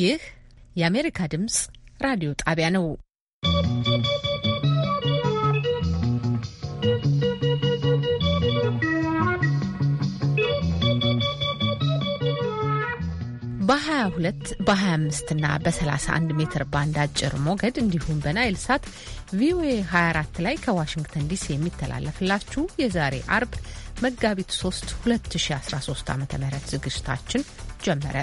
ይህ የአሜሪካ ድምፅ ራዲዮ ጣቢያ ነው። በ22 በ25 እና በ31 ሜትር ባንድ አጭር ሞገድ እንዲሁም በናይል ሳት ቪኦኤ 24 ላይ ከዋሽንግተን ዲሲ የሚተላለፍላችሁ የዛሬ አርብ መጋቢት 3 2013 ዓ ም ዝግጅታችን ጀመረ።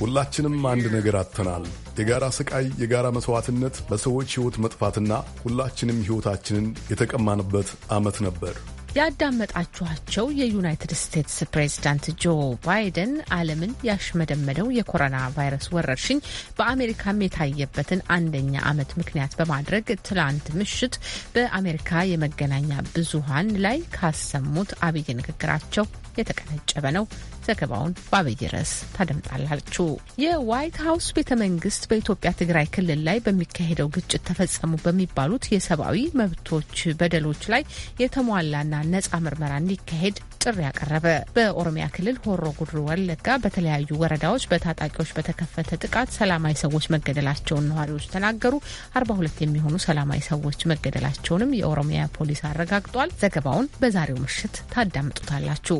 ሁላችንም አንድ ነገር አጥተናል። የጋራ ስቃይ፣ የጋራ መስዋዕትነት፣ በሰዎች ሕይወት መጥፋትና ሁላችንም ሕይወታችንን የተቀማንበት ዓመት ነበር። ያዳመጣችኋቸው የዩናይትድ ስቴትስ ፕሬዝዳንት ጆ ባይደን ዓለምን ያሽመደመደው የኮሮና ቫይረስ ወረርሽኝ በአሜሪካም የታየበትን አንደኛ ዓመት ምክንያት በማድረግ ትላንት ምሽት በአሜሪካ የመገናኛ ብዙሃን ላይ ካሰሙት አብይ ንግግራቸው የተቀነጨበ ነው። ዘገባውን በአብይ ርዕስ ታደምጣላችሁ። የዋይት ሀውስ ቤተ መንግስት በኢትዮጵያ ትግራይ ክልል ላይ በሚካሄደው ግጭት ተፈጸሙ በሚባሉት የሰብአዊ መብቶች በደሎች ላይ የተሟላና ነጻ ምርመራ እንዲካሄድ ጥሪ ያቀረበ። በኦሮሚያ ክልል ሆሮ ጉድሩ ወለጋ በተለያዩ ወረዳዎች በታጣቂዎች በተከፈተ ጥቃት ሰላማዊ ሰዎች መገደላቸውን ነዋሪዎች ተናገሩ። አርባ ሁለት የሚሆኑ ሰላማዊ ሰዎች መገደላቸውንም የኦሮሚያ ፖሊስ አረጋግጧል። ዘገባውን በዛሬው ምሽት ታዳምጡታላችሁ።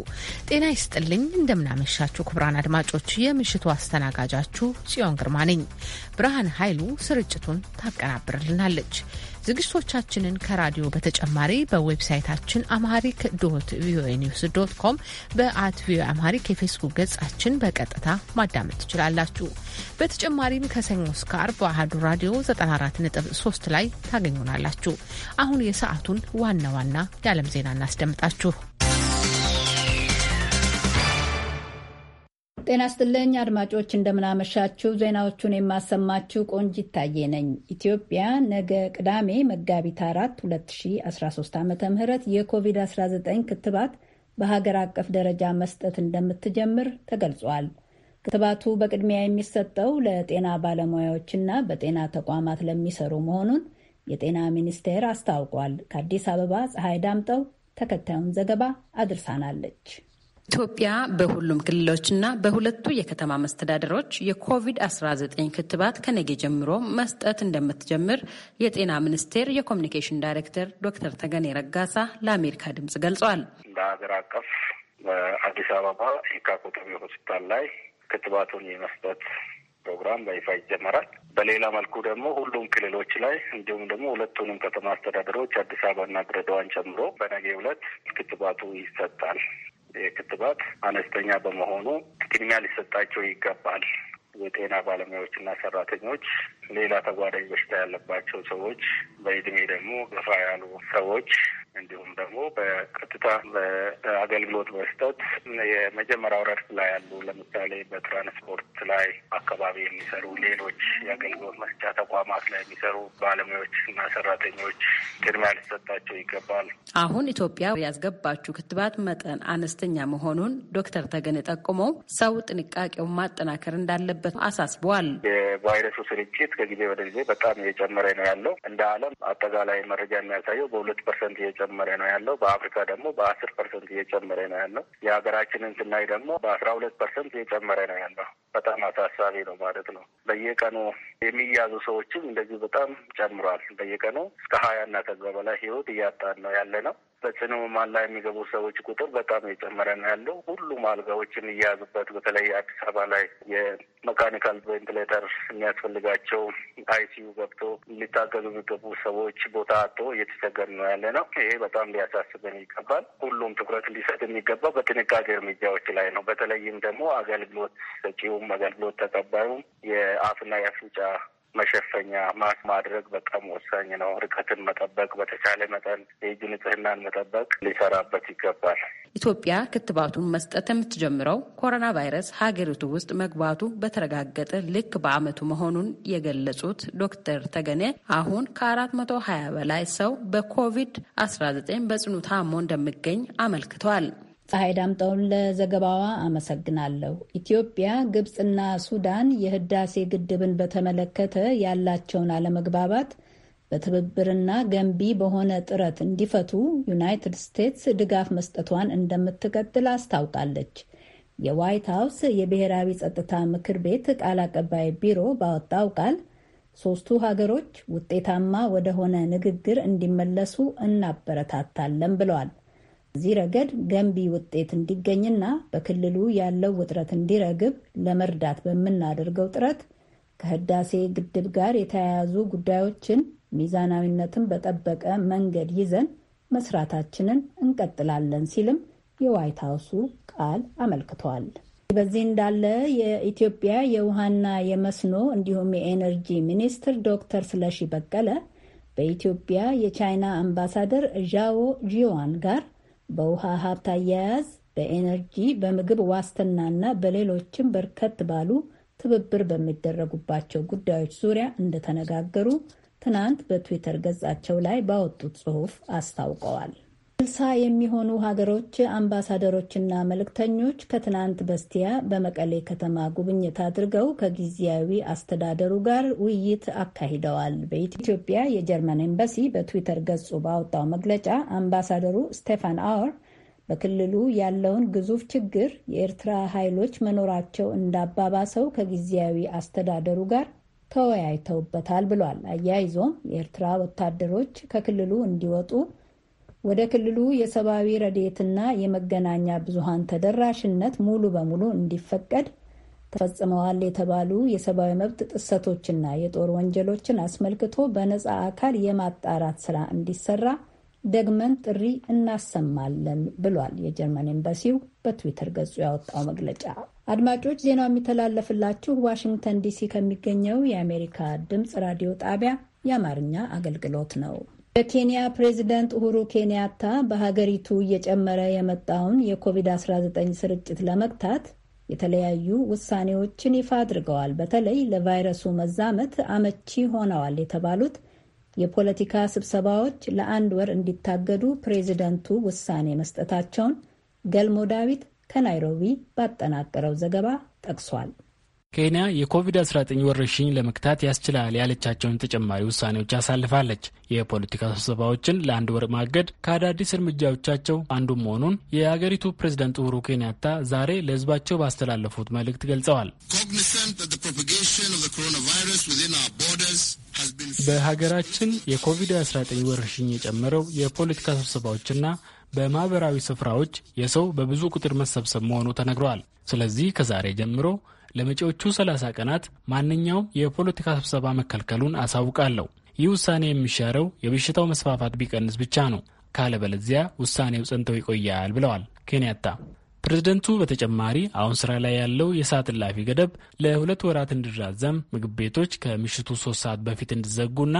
ጤና ይስጥልኝ እንደ እንደምናመሻችሁ ክቡራን አድማጮች፣ የምሽቱ አስተናጋጃችሁ ጽዮን ግርማ ነኝ። ብርሃን ኃይሉ ስርጭቱን ታቀናብርልናለች። ዝግጅቶቻችንን ከራዲዮ በተጨማሪ በዌብሳይታችን አምሃሪክ ዶት ቪኦኤ ኒውስ ዶት ኮም በአት ቪኦኤ አማሪክ የፌስቡክ ገጻችን በቀጥታ ማዳመጥ ትችላላችሁ። በተጨማሪም ከሰኞ እስከ አርብ በአህዱ ራዲዮ 94.3 ላይ ታገኙናላችሁ። አሁን የሰዓቱን ዋና ዋና የዓለም ዜና እናስደምጣችሁ። ጤና ስትለኝ አድማጮች፣ እንደምናመሻችሁ። ዜናዎቹን የማሰማችሁ ቆንጅ ይታየ ነኝ። ኢትዮጵያ ነገ ቅዳሜ መጋቢት አራት 2013 ዓ ም የኮቪድ-19 ክትባት በሀገር አቀፍ ደረጃ መስጠት እንደምትጀምር ተገልጿል። ክትባቱ በቅድሚያ የሚሰጠው ለጤና ባለሙያዎችና በጤና ተቋማት ለሚሰሩ መሆኑን የጤና ሚኒስቴር አስታውቋል። ከአዲስ አበባ ፀሐይ ዳምጠው ተከታዩን ዘገባ አድርሳናለች። ኢትዮጵያ በሁሉም ክልሎችና በሁለቱ የከተማ መስተዳደሮች የኮቪድ-19 ክትባት ከነገ ጀምሮ መስጠት እንደምትጀምር የጤና ሚኒስቴር የኮሚኒኬሽን ዳይሬክተር ዶክተር ተገኔ ረጋሳ ለአሜሪካ ድምጽ ገልጿል። በሀገር አቀፍ በአዲስ አበባ የካ ሆስፒታል ላይ ክትባቱን የመስጠት ፕሮግራም በይፋ ይጀመራል። በሌላ መልኩ ደግሞ ሁሉም ክልሎች ላይ እንዲሁም ደግሞ ሁለቱንም ከተማ አስተዳደሮች አዲስ አበባና ድሬዳዋን ጨምሮ በነገ ዕለት ክትባቱ ይሰጣል። የክትባት አነስተኛ በመሆኑ ቅድሚያ ሊሰጣቸው ይገባል። የጤና ባለሙያዎችና ሰራተኞች፣ ሌላ ተጓዳኝ በሽታ ያለባቸው ሰዎች፣ በእድሜ ደግሞ ገፋ ያሉ ሰዎች እንዲሁም ደግሞ በቀጥታ በአገልግሎት መስጠት የመጀመሪያው ረድፍ ላይ ያሉ ለምሳሌ በትራንስፖርት ላይ አካባቢ የሚሰሩ ሌሎች የአገልግሎት መስጫ ተቋማት ላይ የሚሰሩ ባለሙያዎች እና ሰራተኞች ቅድሚያ ሊሰጣቸው ይገባል። አሁን ኢትዮጵያ ያስገባችው ክትባት መጠን አነስተኛ መሆኑን ዶክተር ተገነ ጠቁመው ሰው ጥንቃቄውን ማጠናከር እንዳለበት አሳስበዋል። የቫይረሱ ስርጭት ከጊዜ ወደ ጊዜ በጣም እየጨመረ ነው ያለው። እንደ ዓለም አጠቃላይ መረጃ የሚያሳየው በሁለት ፐርሰንት እየጨ እየጨመረ ነው ያለው። በአፍሪካ ደግሞ በአስር ፐርሰንት እየጨመረ ነው ያለው። የሀገራችንን ስናይ ደግሞ በአስራ ሁለት ፐርሰንት እየጨመረ ነው ያለው። በጣም አሳሳቢ ነው ማለት ነው። በየቀኑ የሚያዙ ሰዎችም እንደዚህ በጣም ጨምሯል። በየቀኑ እስከ እና ከዛ በላይ ህይወት እያጣን ነው ያለ ነው። በጽኑ ላይ የሚገቡ ሰዎች ቁጥር በጣም እየጨመረ ነው ያለው። ሁሉም አልጋዎችን እያያዙበት በተለይ አዲስ አበባ ላይ የመካኒካል ቬንትሌተር የሚያስፈልጋቸው አይሲዩ ገብቶ ሊታገዙ የሚገቡ ሰዎች ቦታ አቶ እየተቸገር ነው ያለ ነው። ይሄ በጣም ሊያሳስበን ይገባል። ሁሉም ትኩረት ሊሰጥ የሚገባው በጥንቃቄ እርምጃዎች ላይ ነው። በተለይም ደግሞ አገልግሎት ሰጪውም አገልግሎት ተቀባዩም የአፍና የአፍንጫ መሸፈኛ ማስክ ማድረግ በጣም ወሳኝ ነው። ርቀትን መጠበቅ፣ በተቻለ መጠን የእጅ ንጽህናን መጠበቅ ሊሰራበት ይገባል። ኢትዮጵያ ክትባቱን መስጠት የምትጀምረው ኮሮና ቫይረስ ሀገሪቱ ውስጥ መግባቱ በተረጋገጠ ልክ በአመቱ መሆኑን የገለጹት ዶክተር ተገኔ አሁን ከ420 በላይ ሰው በኮቪድ-19 በጽኑ ታሞ እንደሚገኝ አመልክተዋል። ፀሐይ ዳምጠውን ለዘገባዋ አመሰግናለሁ። ኢትዮጵያ፣ ግብፅና ሱዳን የህዳሴ ግድብን በተመለከተ ያላቸውን አለመግባባት በትብብርና ገንቢ በሆነ ጥረት እንዲፈቱ ዩናይትድ ስቴትስ ድጋፍ መስጠቷን እንደምትቀጥል አስታውቃለች። የዋይት ሀውስ የብሔራዊ ጸጥታ ምክር ቤት ቃል አቀባይ ቢሮ ባወጣው ቃል ሶስቱ ሀገሮች ውጤታማ ወደሆነ ንግግር እንዲመለሱ እናበረታታለን ብለዋል። በዚህ ረገድ ገንቢ ውጤት እንዲገኝና በክልሉ ያለው ውጥረት እንዲረግብ ለመርዳት በምናደርገው ጥረት ከህዳሴ ግድብ ጋር የተያያዙ ጉዳዮችን ሚዛናዊነትን በጠበቀ መንገድ ይዘን መስራታችንን እንቀጥላለን ሲልም የዋይት ሀውሱ ቃል አመልክቷል። በዚህ እንዳለ የኢትዮጵያ የውሃና የመስኖ እንዲሁም የኤነርጂ ሚኒስትር ዶክተር ስለሺ በቀለ በኢትዮጵያ የቻይና አምባሳደር ዣዎ ጂዋን ጋር በውሃ ሀብት አያያዝ፣ በኤነርጂ፣ በምግብ ዋስትናና በሌሎችም በርከት ባሉ ትብብር በሚደረጉባቸው ጉዳዮች ዙሪያ እንደተነጋገሩ ትናንት በትዊተር ገጻቸው ላይ ባወጡት ጽሑፍ አስታውቀዋል። ስልሳ የሚሆኑ ሀገሮች አምባሳደሮችና መልእክተኞች ከትናንት በስቲያ በመቀሌ ከተማ ጉብኝት አድርገው ከጊዜያዊ አስተዳደሩ ጋር ውይይት አካሂደዋል። በኢትዮጵያ የጀርመን ኤምባሲ በትዊተር ገጹ ባወጣው መግለጫ አምባሳደሩ ስቴፋን አወር በክልሉ ያለውን ግዙፍ ችግር የኤርትራ ኃይሎች መኖራቸው እንዳባባሰው ከጊዜያዊ አስተዳደሩ ጋር ተወያይተውበታል ብሏል። አያይዞም የኤርትራ ወታደሮች ከክልሉ እንዲወጡ ወደ ክልሉ የሰብአዊ ረዴትና የመገናኛ ብዙሃን ተደራሽነት ሙሉ በሙሉ እንዲፈቀድ ተፈጽመዋል የተባሉ የሰብአዊ መብት ጥሰቶችና የጦር ወንጀሎችን አስመልክቶ በነፃ አካል የማጣራት ስራ እንዲሰራ ደግመን ጥሪ እናሰማለን ብሏል የጀርመን ኤምባሲው በትዊተር ገጹ ያወጣው መግለጫ። አድማጮች ዜናው የሚተላለፍላችሁ ዋሽንግተን ዲሲ ከሚገኘው የአሜሪካ ድምፅ ራዲዮ ጣቢያ የአማርኛ አገልግሎት ነው። የኬንያ ፕሬዚደንት ኡሁሩ ኬንያታ በሀገሪቱ እየጨመረ የመጣውን የኮቪድ-19 ስርጭት ለመግታት የተለያዩ ውሳኔዎችን ይፋ አድርገዋል። በተለይ ለቫይረሱ መዛመት አመቺ ሆነዋል የተባሉት የፖለቲካ ስብሰባዎች ለአንድ ወር እንዲታገዱ ፕሬዚደንቱ ውሳኔ መስጠታቸውን ገልሞ ዳዊት ከናይሮቢ ባጠናቀረው ዘገባ ጠቅሷል። ኬንያ የኮቪድ-19 ወረርሽኝ ለመግታት ያስችላል ያለቻቸውን ተጨማሪ ውሳኔዎች አሳልፋለች። የፖለቲካ ስብሰባዎችን ለአንድ ወር ማገድ ከአዳዲስ እርምጃዎቻቸው አንዱ መሆኑን የአገሪቱ ፕሬዝደንት ኡሁሩ ኬንያታ ዛሬ ለሕዝባቸው ባስተላለፉት መልእክት ገልጸዋል። በሀገራችን የኮቪድ-19 ወረርሽኝ የጨመረው የፖለቲካ ስብሰባዎችና በማህበራዊ ስፍራዎች የሰው በብዙ ቁጥር መሰብሰብ መሆኑ ተነግረዋል። ስለዚህ ከዛሬ ጀምሮ ለመጪዎቹ 30 ቀናት ማንኛውም የፖለቲካ ስብሰባ መከልከሉን አሳውቃለሁ። ይህ ውሳኔ የሚሻረው የበሽታው መስፋፋት ቢቀንስ ብቻ ነው። ካለበለዚያ ውሳኔው ጸንተው ይቆያል ብለዋል ኬንያታ። ፕሬዝደንቱ በተጨማሪ አሁን ስራ ላይ ያለው የሰዓት እላፊ ገደብ ለሁለት ወራት እንዲራዘም፣ ምግብ ቤቶች ከምሽቱ ሶስት ሰዓት በፊት እንዲዘጉና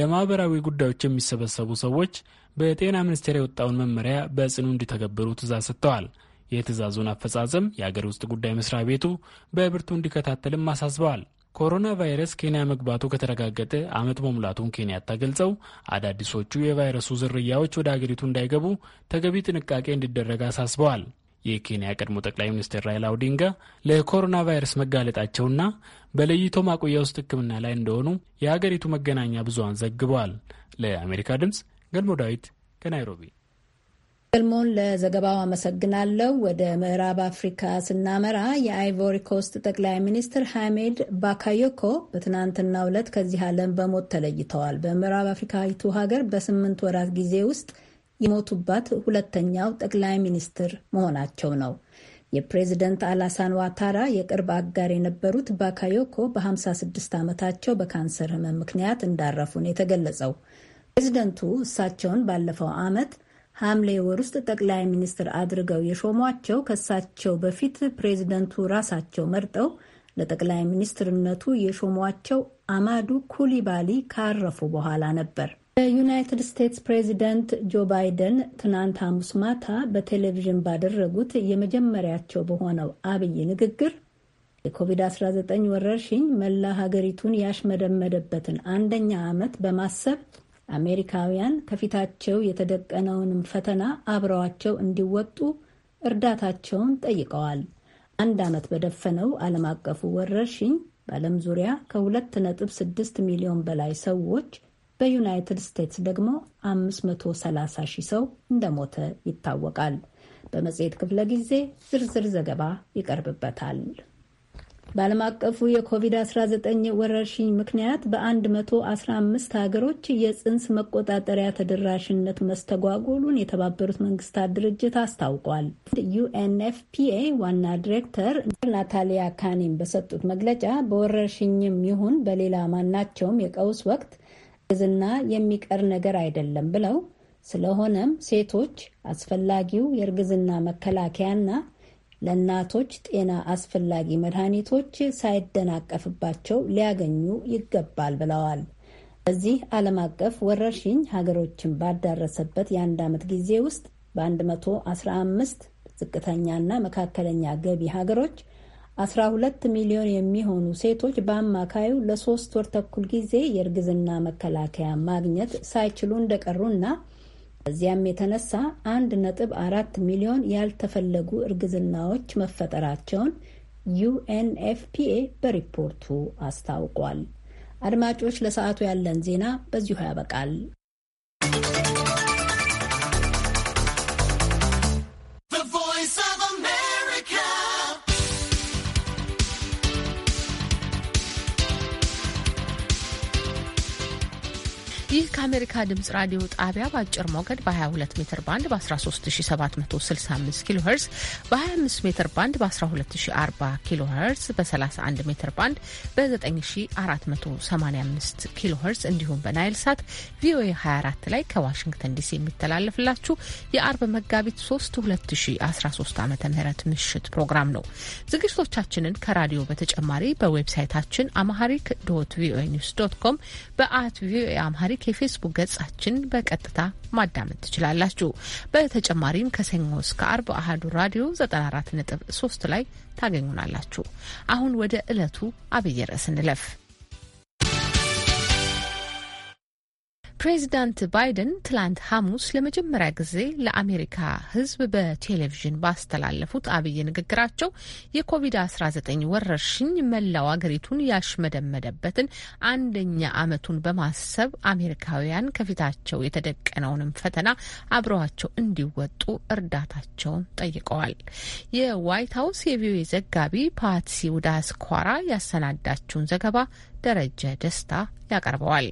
ለማህበራዊ ጉዳዮች የሚሰበሰቡ ሰዎች በጤና ሚኒስቴር የወጣውን መመሪያ በጽኑ እንዲተገብሩ ትእዛዝ ሰጥተዋል። የትዕዛዙን አፈጻጸም የአገር ውስጥ ጉዳይ መስሪያ ቤቱ በብርቱ እንዲከታተልም አሳስበዋል። ኮሮና ቫይረስ ኬንያ መግባቱ ከተረጋገጠ ዓመት መሙላቱን ኬንያታ ገልጸው አዳዲሶቹ የቫይረሱ ዝርያዎች ወደ አገሪቱ እንዳይገቡ ተገቢ ጥንቃቄ እንዲደረግ አሳስበዋል። የኬንያ ቀድሞ ጠቅላይ ሚኒስትር ራይላ ኦዲንጋ ለኮሮና ቫይረስ መጋለጣቸውና በለይቶ ማቆያ ውስጥ ሕክምና ላይ እንደሆኑ የአገሪቱ መገናኛ ብዙሃን ዘግበዋል። ለአሜሪካ ድምፅ ገልሞ ዳዊት ከናይሮቢ ገልሞን ለዘገባው አመሰግናለሁ። ወደ ምዕራብ አፍሪካ ስናመራ የአይቮሪ ኮስት ጠቅላይ ሚኒስትር ሃሜድ ባካዮኮ በትናንትና ዕለት ከዚህ ዓለም በሞት ተለይተዋል። በምዕራብ አፍሪካዊቱ ሀገር በስምንት ወራት ጊዜ ውስጥ የሞቱባት ሁለተኛው ጠቅላይ ሚኒስትር መሆናቸው ነው። የፕሬዝደንት አላሳን ዋታራ የቅርብ አጋር የነበሩት ባካዮኮ በ56 ዓመታቸው በካንሰር ህመም ምክንያት እንዳረፉ የተገለጸው። ፕሬዝደንቱ እሳቸውን ባለፈው ዓመት ሐምሌ ወር ውስጥ ጠቅላይ ሚኒስትር አድርገው የሾሟቸው ከሳቸው በፊት ፕሬዚደንቱ ራሳቸው መርጠው ለጠቅላይ ሚኒስትርነቱ የሾሟቸው አማዱ ኩሊባሊ ካረፉ በኋላ ነበር። የዩናይትድ ስቴትስ ፕሬዚደንት ጆ ባይደን ትናንት ሐሙስ ማታ በቴሌቪዥን ባደረጉት የመጀመሪያቸው በሆነው አብይ ንግግር የኮቪድ-19 ወረርሽኝ መላ ሀገሪቱን ያሽመደመደበትን አንደኛ ዓመት በማሰብ አሜሪካውያን ከፊታቸው የተደቀነውንም ፈተና አብረዋቸው እንዲወጡ እርዳታቸውን ጠይቀዋል። አንድ ዓመት በደፈነው ዓለም አቀፉ ወረርሽኝ በዓለም ዙሪያ ከ2.6 ሚሊዮን በላይ ሰዎች በዩናይትድ ስቴትስ ደግሞ 530 ሺህ ሰው እንደሞተ ይታወቃል። በመጽሔት ክፍለ ጊዜ ዝርዝር ዘገባ ይቀርብበታል። በዓለም አቀፉ የኮቪድ-19 ወረርሽኝ ምክንያት በ115 ሀገሮች የጽንስ መቆጣጠሪያ ተደራሽነት መስተጓጎሉን የተባበሩት መንግስታት ድርጅት አስታውቋል። ዩኤንኤፍፒኤ ዋና ዲሬክተር ናታሊያ ካኒን በሰጡት መግለጫ በወረርሽኝም ይሁን በሌላ ማናቸውም የቀውስ ወቅት እርግዝና የሚቀር ነገር አይደለም ብለው ስለሆነም ሴቶች አስፈላጊው የእርግዝና መከላከያና ለእናቶች ጤና አስፈላጊ መድኃኒቶች ሳይደናቀፍባቸው ሊያገኙ ይገባል ብለዋል። በዚህ ዓለም አቀፍ ወረርሽኝ ሀገሮችን ባዳረሰበት የአንድ ዓመት ጊዜ ውስጥ በ115 ዝቅተኛና መካከለኛ ገቢ ሀገሮች 12 ሚሊዮን የሚሆኑ ሴቶች በአማካዩ ለሶስት ወር ተኩል ጊዜ የእርግዝና መከላከያ ማግኘት ሳይችሉ እንደቀሩና በዚያም የተነሳ አንድ ነጥብ አራት ሚሊዮን ያልተፈለጉ እርግዝናዎች መፈጠራቸውን ዩኤንኤፍፒኤ በሪፖርቱ አስታውቋል። አድማጮች፣ ለሰዓቱ ያለን ዜና በዚሁ ያበቃል። ይህ ከአሜሪካ ድምጽ ራዲዮ ጣቢያ በአጭር ሞገድ በ22 ሜትር ባንድ በ13765 ኪሎ ሄርዝ በ25 ሜትር ባንድ በ1240 ኪሎ ሄርዝ በ31 ሜትር ባንድ በ9485 ኪሎ ሄርዝ እንዲሁም በናይል ሳት ቪኦኤ 24 ላይ ከዋሽንግተን ዲሲ የሚተላለፍላችሁ የአርብ መጋቢት 3 2013 ዓ ም ምሽት ፕሮግራም ነው። ዝግጅቶቻችንን ከራዲዮ በተጨማሪ በዌብሳይታችን አማሃሪክ ዶት ቪኦኤ ኒውስ ዶት ኮም በአት ቪኦኤ አማሃሪክ በላይክ የፌስቡክ ገጻችን በቀጥታ ማዳመጥ ትችላላችሁ። በተጨማሪም ከሰኞ እስከ አርብ አህዱ ራዲዮ 94.3 ላይ ታገኙናላችሁ። አሁን ወደ ዕለቱ አብይ ርዕስ እንለፍ። ፕሬዚዳንት ባይደን ትላንት ሐሙስ ለመጀመሪያ ጊዜ ለአሜሪካ ሕዝብ በቴሌቪዥን ባስተላለፉት አብይ ንግግራቸው የኮቪድ-19 ወረርሽኝ መላው አገሪቱን ያሽመደመደበትን አንደኛ ዓመቱን በማሰብ አሜሪካውያን ከፊታቸው የተደቀነውንም ፈተና አብረዋቸው እንዲወጡ እርዳታቸውን ጠይቀዋል። የዋይት ሀውስ የቪኦኤ ዘጋቢ ፓትሲ ውዳስኳራ ያሰናዳችውን ዘገባ ደረጀ ደስታ ያቀርበዋል።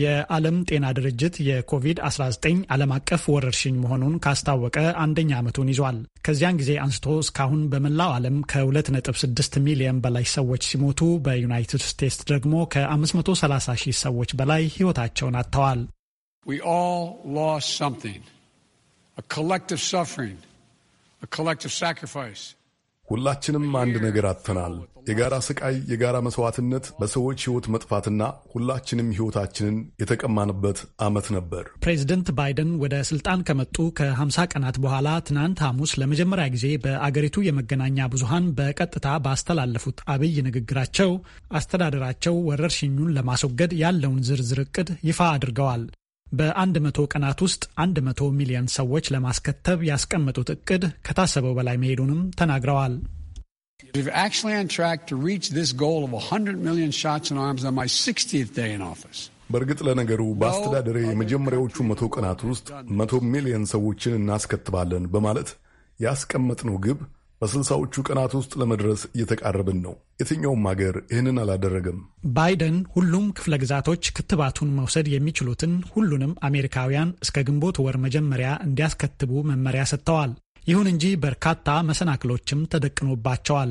የዓለም ጤና ድርጅት የኮቪድ-19 ዓለም አቀፍ ወረርሽኝ መሆኑን ካስታወቀ አንደኛ ዓመቱን ይዟል። ከዚያን ጊዜ አንስቶ እስካሁን በመላው ዓለም ከ2.6 ሚሊዮን በላይ ሰዎች ሲሞቱ በዩናይትድ ስቴትስ ደግሞ ከ530 ሺህ ሰዎች በላይ ሕይወታቸውን አጥተዋል። collective suffering, a collective sacrifice. ሁላችንም አንድ ነገር አጥተናል። የጋራ ስቃይ፣ የጋራ መስዋዕትነት፣ በሰዎች ህይወት መጥፋትና ሁላችንም ህይወታችንን የተቀማንበት አመት ነበር። ፕሬዚደንት ባይደን ወደ ስልጣን ከመጡ ከ50 ቀናት በኋላ ትናንት ሐሙስ ለመጀመሪያ ጊዜ በአገሪቱ የመገናኛ ብዙሃን በቀጥታ ባስተላለፉት አብይ ንግግራቸው አስተዳደራቸው ወረርሽኙን ለማስወገድ ያለውን ዝርዝር ዕቅድ ይፋ አድርገዋል። በ100 ቀናት ውስጥ 100 ሚሊዮን ሰዎች ለማስከተብ ያስቀመጡት እቅድ ከታሰበው በላይ መሄዱንም ተናግረዋል። በእርግጥ ለነገሩ በአስተዳደሬ oh, የመጀመሪያዎቹ መቶ ቀናት ውስጥ መቶ ሚሊዮን ሰዎችን እናስከትባለን በማለት ያስቀመጥነው ግብ በስልሳዎቹ ቀናት ውስጥ ለመድረስ እየተቃረብን ነው። የትኛውም ሀገር ይህንን አላደረገም። ባይደን ሁሉም ክፍለ ግዛቶች ክትባቱን መውሰድ የሚችሉትን ሁሉንም አሜሪካውያን እስከ ግንቦት ወር መጀመሪያ እንዲያስከትቡ መመሪያ ሰጥተዋል። ይሁን እንጂ በርካታ መሰናክሎችም ተደቅኖባቸዋል።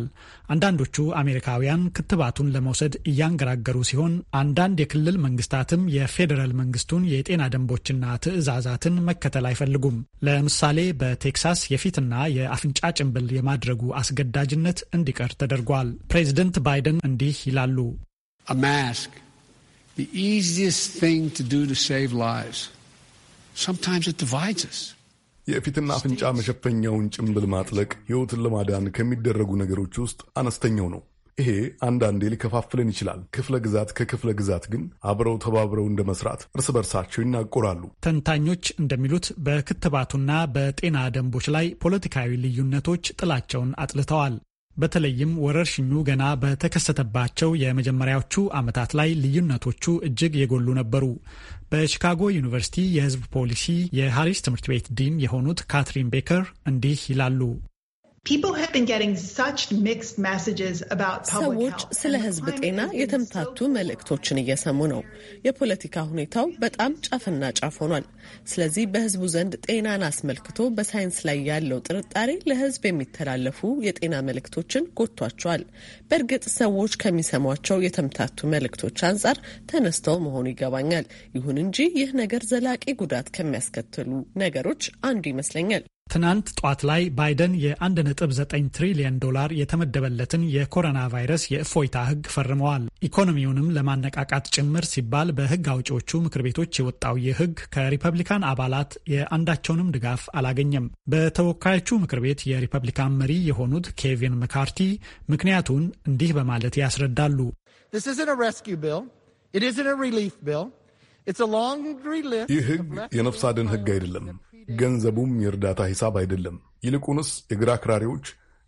አንዳንዶቹ አሜሪካውያን ክትባቱን ለመውሰድ እያንገራገሩ ሲሆን፣ አንዳንድ የክልል መንግስታትም የፌዴራል መንግስቱን የጤና ደንቦችና ትዕዛዛትን መከተል አይፈልጉም። ለምሳሌ በቴክሳስ የፊትና የአፍንጫ ጭንብል የማድረጉ አስገዳጅነት እንዲቀር ተደርጓል። ፕሬዚደንት ባይደን እንዲህ ይላሉ። The easiest thing to do to save lives. Sometimes it divides us. የፊትና አፍንጫ መሸፈኛውን ጭንብል ማጥለቅ ሕይወትን ለማዳን ከሚደረጉ ነገሮች ውስጥ አነስተኛው ነው። ይሄ አንዳንዴ ሊከፋፍለን ይችላል። ክፍለ ግዛት ከክፍለ ግዛት ግን አብረው ተባብረው እንደ መስራት እርስ በርሳቸው ይናቆራሉ። ተንታኞች እንደሚሉት በክትባቱና በጤና ደንቦች ላይ ፖለቲካዊ ልዩነቶች ጥላቸውን አጥልተዋል። በተለይም ወረርሽኙ ገና በተከሰተባቸው የመጀመሪያዎቹ ዓመታት ላይ ልዩነቶቹ እጅግ የጎሉ ነበሩ። በቺካጎ ዩኒቨርሲቲ የሕዝብ ፖሊሲ የሃሪስ ትምህርት ቤት ዲን የሆኑት ካትሪን ቤከር እንዲህ ይላሉ። ሰዎች ስለ ሕዝብ ጤና የተምታቱ መልእክቶችን እየሰሙ ነው። የፖለቲካ ሁኔታው በጣም ጫፍና ጫፍ ሆኗል። ስለዚህ በሕዝቡ ዘንድ ጤናን አስመልክቶ በሳይንስ ላይ ያለው ጥርጣሬ ለሕዝብ የሚተላለፉ የጤና መልእክቶችን ጎድቷቸዋል። በእርግጥ ሰዎች ከሚሰሟቸው የተምታቱ መልእክቶች አንጻር ተነስተው መሆኑ ይገባኛል። ይሁን እንጂ ይህ ነገር ዘላቂ ጉዳት ከሚያስከትሉ ነገሮች አንዱ ይመስለኛል። ትናንት ጧት ላይ ባይደን የ1.9 ትሪሊየን ዶላር የተመደበለትን የኮሮና ቫይረስ የእፎይታ ሕግ ፈርመዋል። ኢኮኖሚውንም ለማነቃቃት ጭምር ሲባል በህግ አውጪዎቹ ምክር ቤቶች የወጣው ይህ ሕግ ከሪፐብሊካን አባላት የአንዳቸውንም ድጋፍ አላገኘም። በተወካዮቹ ምክር ቤት የሪፐብሊካን መሪ የሆኑት ኬቪን መካርቲ ምክንያቱን እንዲህ በማለት ያስረዳሉ። ይህ ህግ የነፍስ አድን ህግ አይደለም። ገንዘቡም የእርዳታ ሂሳብ አይደለም። ይልቁንስ የግራ አክራሪዎች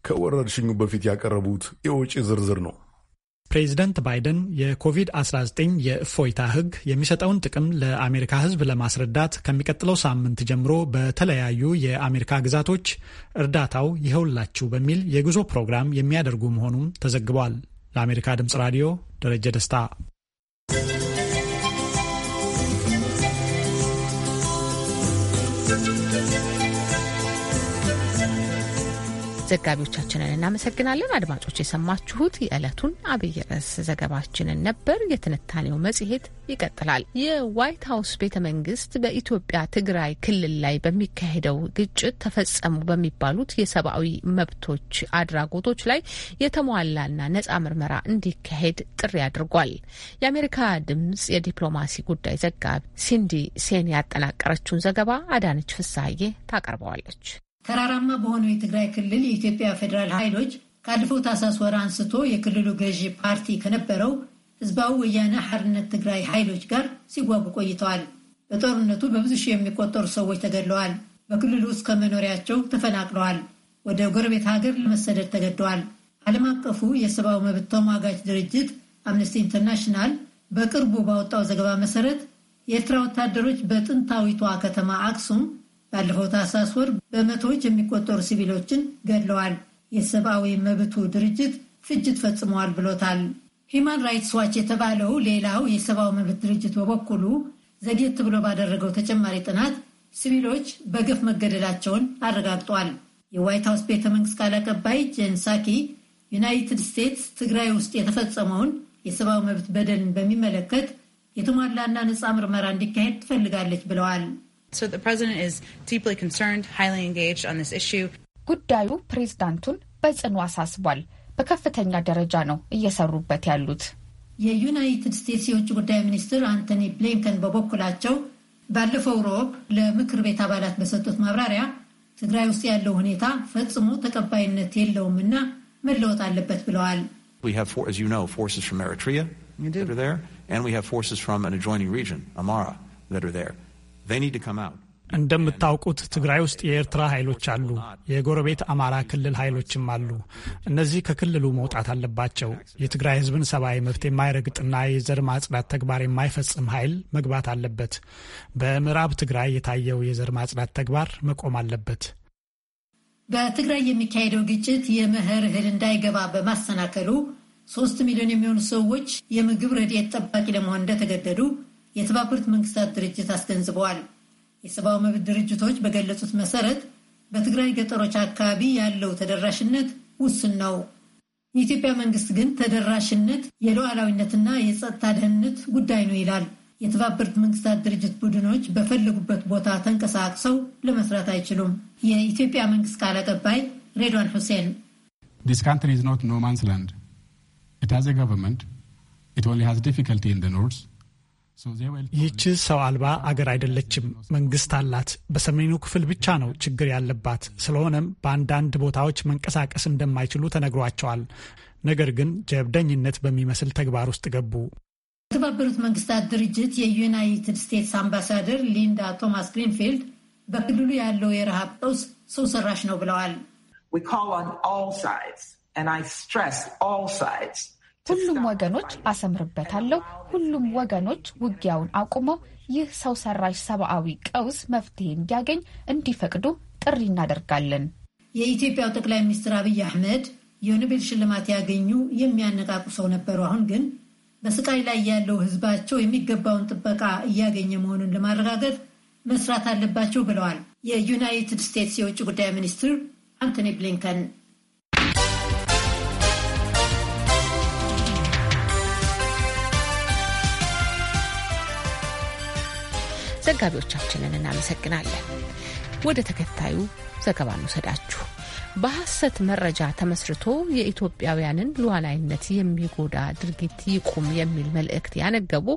ከወረርሽኙ በፊት ያቀረቡት የወጪ ዝርዝር ነው። ፕሬዚደንት ባይደን የኮቪድ-19 የእፎይታ ሕግ የሚሰጠውን ጥቅም ለአሜሪካ ሕዝብ ለማስረዳት ከሚቀጥለው ሳምንት ጀምሮ በተለያዩ የአሜሪካ ግዛቶች እርዳታው ይኸውላችሁ በሚል የጉዞ ፕሮግራም የሚያደርጉ መሆኑም ተዘግቧል። ለአሜሪካ ድምፅ ራዲዮ ደረጀ ደስታ ዘጋቢዎቻችንን እናመሰግናለን። አድማጮች የሰማችሁት የዕለቱን አብይ ርዕስ ዘገባችንን ነበር። የትንታኔው መጽሔት ይቀጥላል። የዋይት ሀውስ ቤተ መንግስት በኢትዮጵያ ትግራይ ክልል ላይ በሚካሄደው ግጭት ተፈጸሙ በሚባሉት የሰብአዊ መብቶች አድራጎቶች ላይ የተሟላና ነጻ ምርመራ እንዲካሄድ ጥሪ አድርጓል። የአሜሪካ ድምጽ የዲፕሎማሲ ጉዳይ ዘጋቢ ሲንዲ ሴን ያጠናቀረችውን ዘገባ አዳነች ፍሳሀዬ ታቀርበዋለች። ተራራማ በሆነው የትግራይ ክልል የኢትዮጵያ ፌዴራል ኃይሎች ካለፈው ታህሳስ ወር አንስቶ የክልሉ ገዢ ፓርቲ ከነበረው ህዝባዊ ወያነ ሐርነት ትግራይ ኃይሎች ጋር ሲዋጉ ቆይተዋል። በጦርነቱ በብዙ ሺህ የሚቆጠሩ ሰዎች ተገድለዋል። በክልሉ ውስጥ ከመኖሪያቸው ተፈናቅለዋል። ወደ ጎረቤት ሀገር ለመሰደድ ተገደዋል። ዓለም አቀፉ የሰብአዊ መብት ተሟጋች ድርጅት አምነስቲ ኢንተርናሽናል በቅርቡ ባወጣው ዘገባ መሰረት የኤርትራ ወታደሮች በጥንታዊቷ ከተማ አክሱም ባለፈው ታህሳስ ወር በመቶዎች የሚቆጠሩ ሲቪሎችን ገድለዋል፣ የሰብአዊ መብቱ ድርጅት ፍጅት ፈጽመዋል ብሎታል። ሂማን ራይትስ ዋች የተባለው ሌላው የሰብአዊ መብት ድርጅት በበኩሉ ዘግየት ብሎ ባደረገው ተጨማሪ ጥናት ሲቪሎች በገፍ መገደላቸውን አረጋግጧል። የዋይት ሀውስ ቤተ መንግስት ቃል አቀባይ ጄን ሳኪ ዩናይትድ ስቴትስ ትግራይ ውስጥ የተፈጸመውን የሰብአዊ መብት በደልን በሚመለከት የተሟላና ነፃ ምርመራ እንዲካሄድ ትፈልጋለች ብለዋል። So the president is deeply concerned, highly engaged on this issue. ጉዳዩ ፕሬዝዳንቱን በጽኑ አሳስቧል። በከፍተኛ ደረጃ ነው እየሰሩበት ያሉት። የዩናይትድ ስቴትስ የውጭ ጉዳይ ሚኒስትር አንቶኒ ብሊንከን በበኩላቸው ባለፈው ሮብ ለምክር ቤት አባላት በሰጡት ማብራሪያ ትግራይ ውስጥ ያለው ሁኔታ ፈጽሞ ተቀባይነት የለውም እና መለወጥ አለበት ብለዋል። ፎርስ እንደምታውቁት ትግራይ ውስጥ የኤርትራ ኃይሎች አሉ። የጎረቤት አማራ ክልል ኃይሎችም አሉ። እነዚህ ከክልሉ መውጣት አለባቸው። የትግራይ ሕዝብን ሰብአዊ መብት የማይረግጥና የዘር ማጽዳት ተግባር የማይፈጽም ኃይል መግባት አለበት። በምዕራብ ትግራይ የታየው የዘር ማጽዳት ተግባር መቆም አለበት። በትግራይ የሚካሄደው ግጭት የመኸር እህል እንዳይገባ በማሰናከሉ ሶስት ሚሊዮን የሚሆኑ ሰዎች የምግብ ረድኤት ጠባቂ ለመሆን እንደተገደዱ የተባበሩት መንግስታት ድርጅት አስገንዝበዋል። የሰብአዊ መብት ድርጅቶች በገለጹት መሰረት በትግራይ ገጠሮች አካባቢ ያለው ተደራሽነት ውስን ነው። የኢትዮጵያ መንግስት ግን ተደራሽነት የሉዓላዊነትና የጸጥታ ደህንነት ጉዳይ ነው ይላል። የተባበሩት መንግስታት ድርጅት ቡድኖች በፈለጉበት ቦታ ተንቀሳቅሰው ለመስራት አይችሉም። የኢትዮጵያ መንግስት ቃል አቀባይ ሬድዋን ሁሴን ዲስ ካንትሪ ኢዝ ኖት ኖ ማንስ ላንድ ኢት ሃዝ ኤ ገቨርንመንት ኢት ኦንሊ ሃዝ ዲፊከልቲ ኢን ዘ ኖርዝ ይህች ሰው አልባ አገር አይደለችም፣ መንግስት አላት። በሰሜኑ ክፍል ብቻ ነው ችግር ያለባት። ስለሆነም በአንዳንድ ቦታዎች መንቀሳቀስ እንደማይችሉ ተነግሯቸዋል። ነገር ግን ጀብደኝነት በሚመስል ተግባር ውስጥ ገቡ። የተባበሩት መንግስታት ድርጅት የዩናይትድ ስቴትስ አምባሳደር ሊንዳ ቶማስ ግሪንፊልድ በክልሉ ያለው የረሃብ ቀውስ ሰው ሰራሽ ነው ብለዋል። ሁሉም ወገኖች አሰምርበታለሁ። ሁሉም ወገኖች ውጊያውን አቁመው ይህ ሰው ሰራሽ ሰብአዊ ቀውስ መፍትሄ እንዲያገኝ እንዲፈቅዱ ጥሪ እናደርጋለን። የኢትዮጵያው ጠቅላይ ሚኒስትር አብይ አህመድ የኖቤል ሽልማት ያገኙ የሚያነቃቁ ሰው ነበሩ። አሁን ግን በስቃይ ላይ ያለው ህዝባቸው የሚገባውን ጥበቃ እያገኘ መሆኑን ለማረጋገጥ መስራት አለባቸው ብለዋል የዩናይትድ ስቴትስ የውጭ ጉዳይ ሚኒስትር አንቶኒ ብሊንከን። ዘጋቢዎቻችንን እናመሰግናለን። ወደ ተከታዩ ዘገባ እንውሰዳችሁ። በሐሰት መረጃ ተመስርቶ የኢትዮጵያውያንን ሉዓላዊነት የሚጎዳ ድርጊት ይቁም የሚል መልእክት ያነገቡ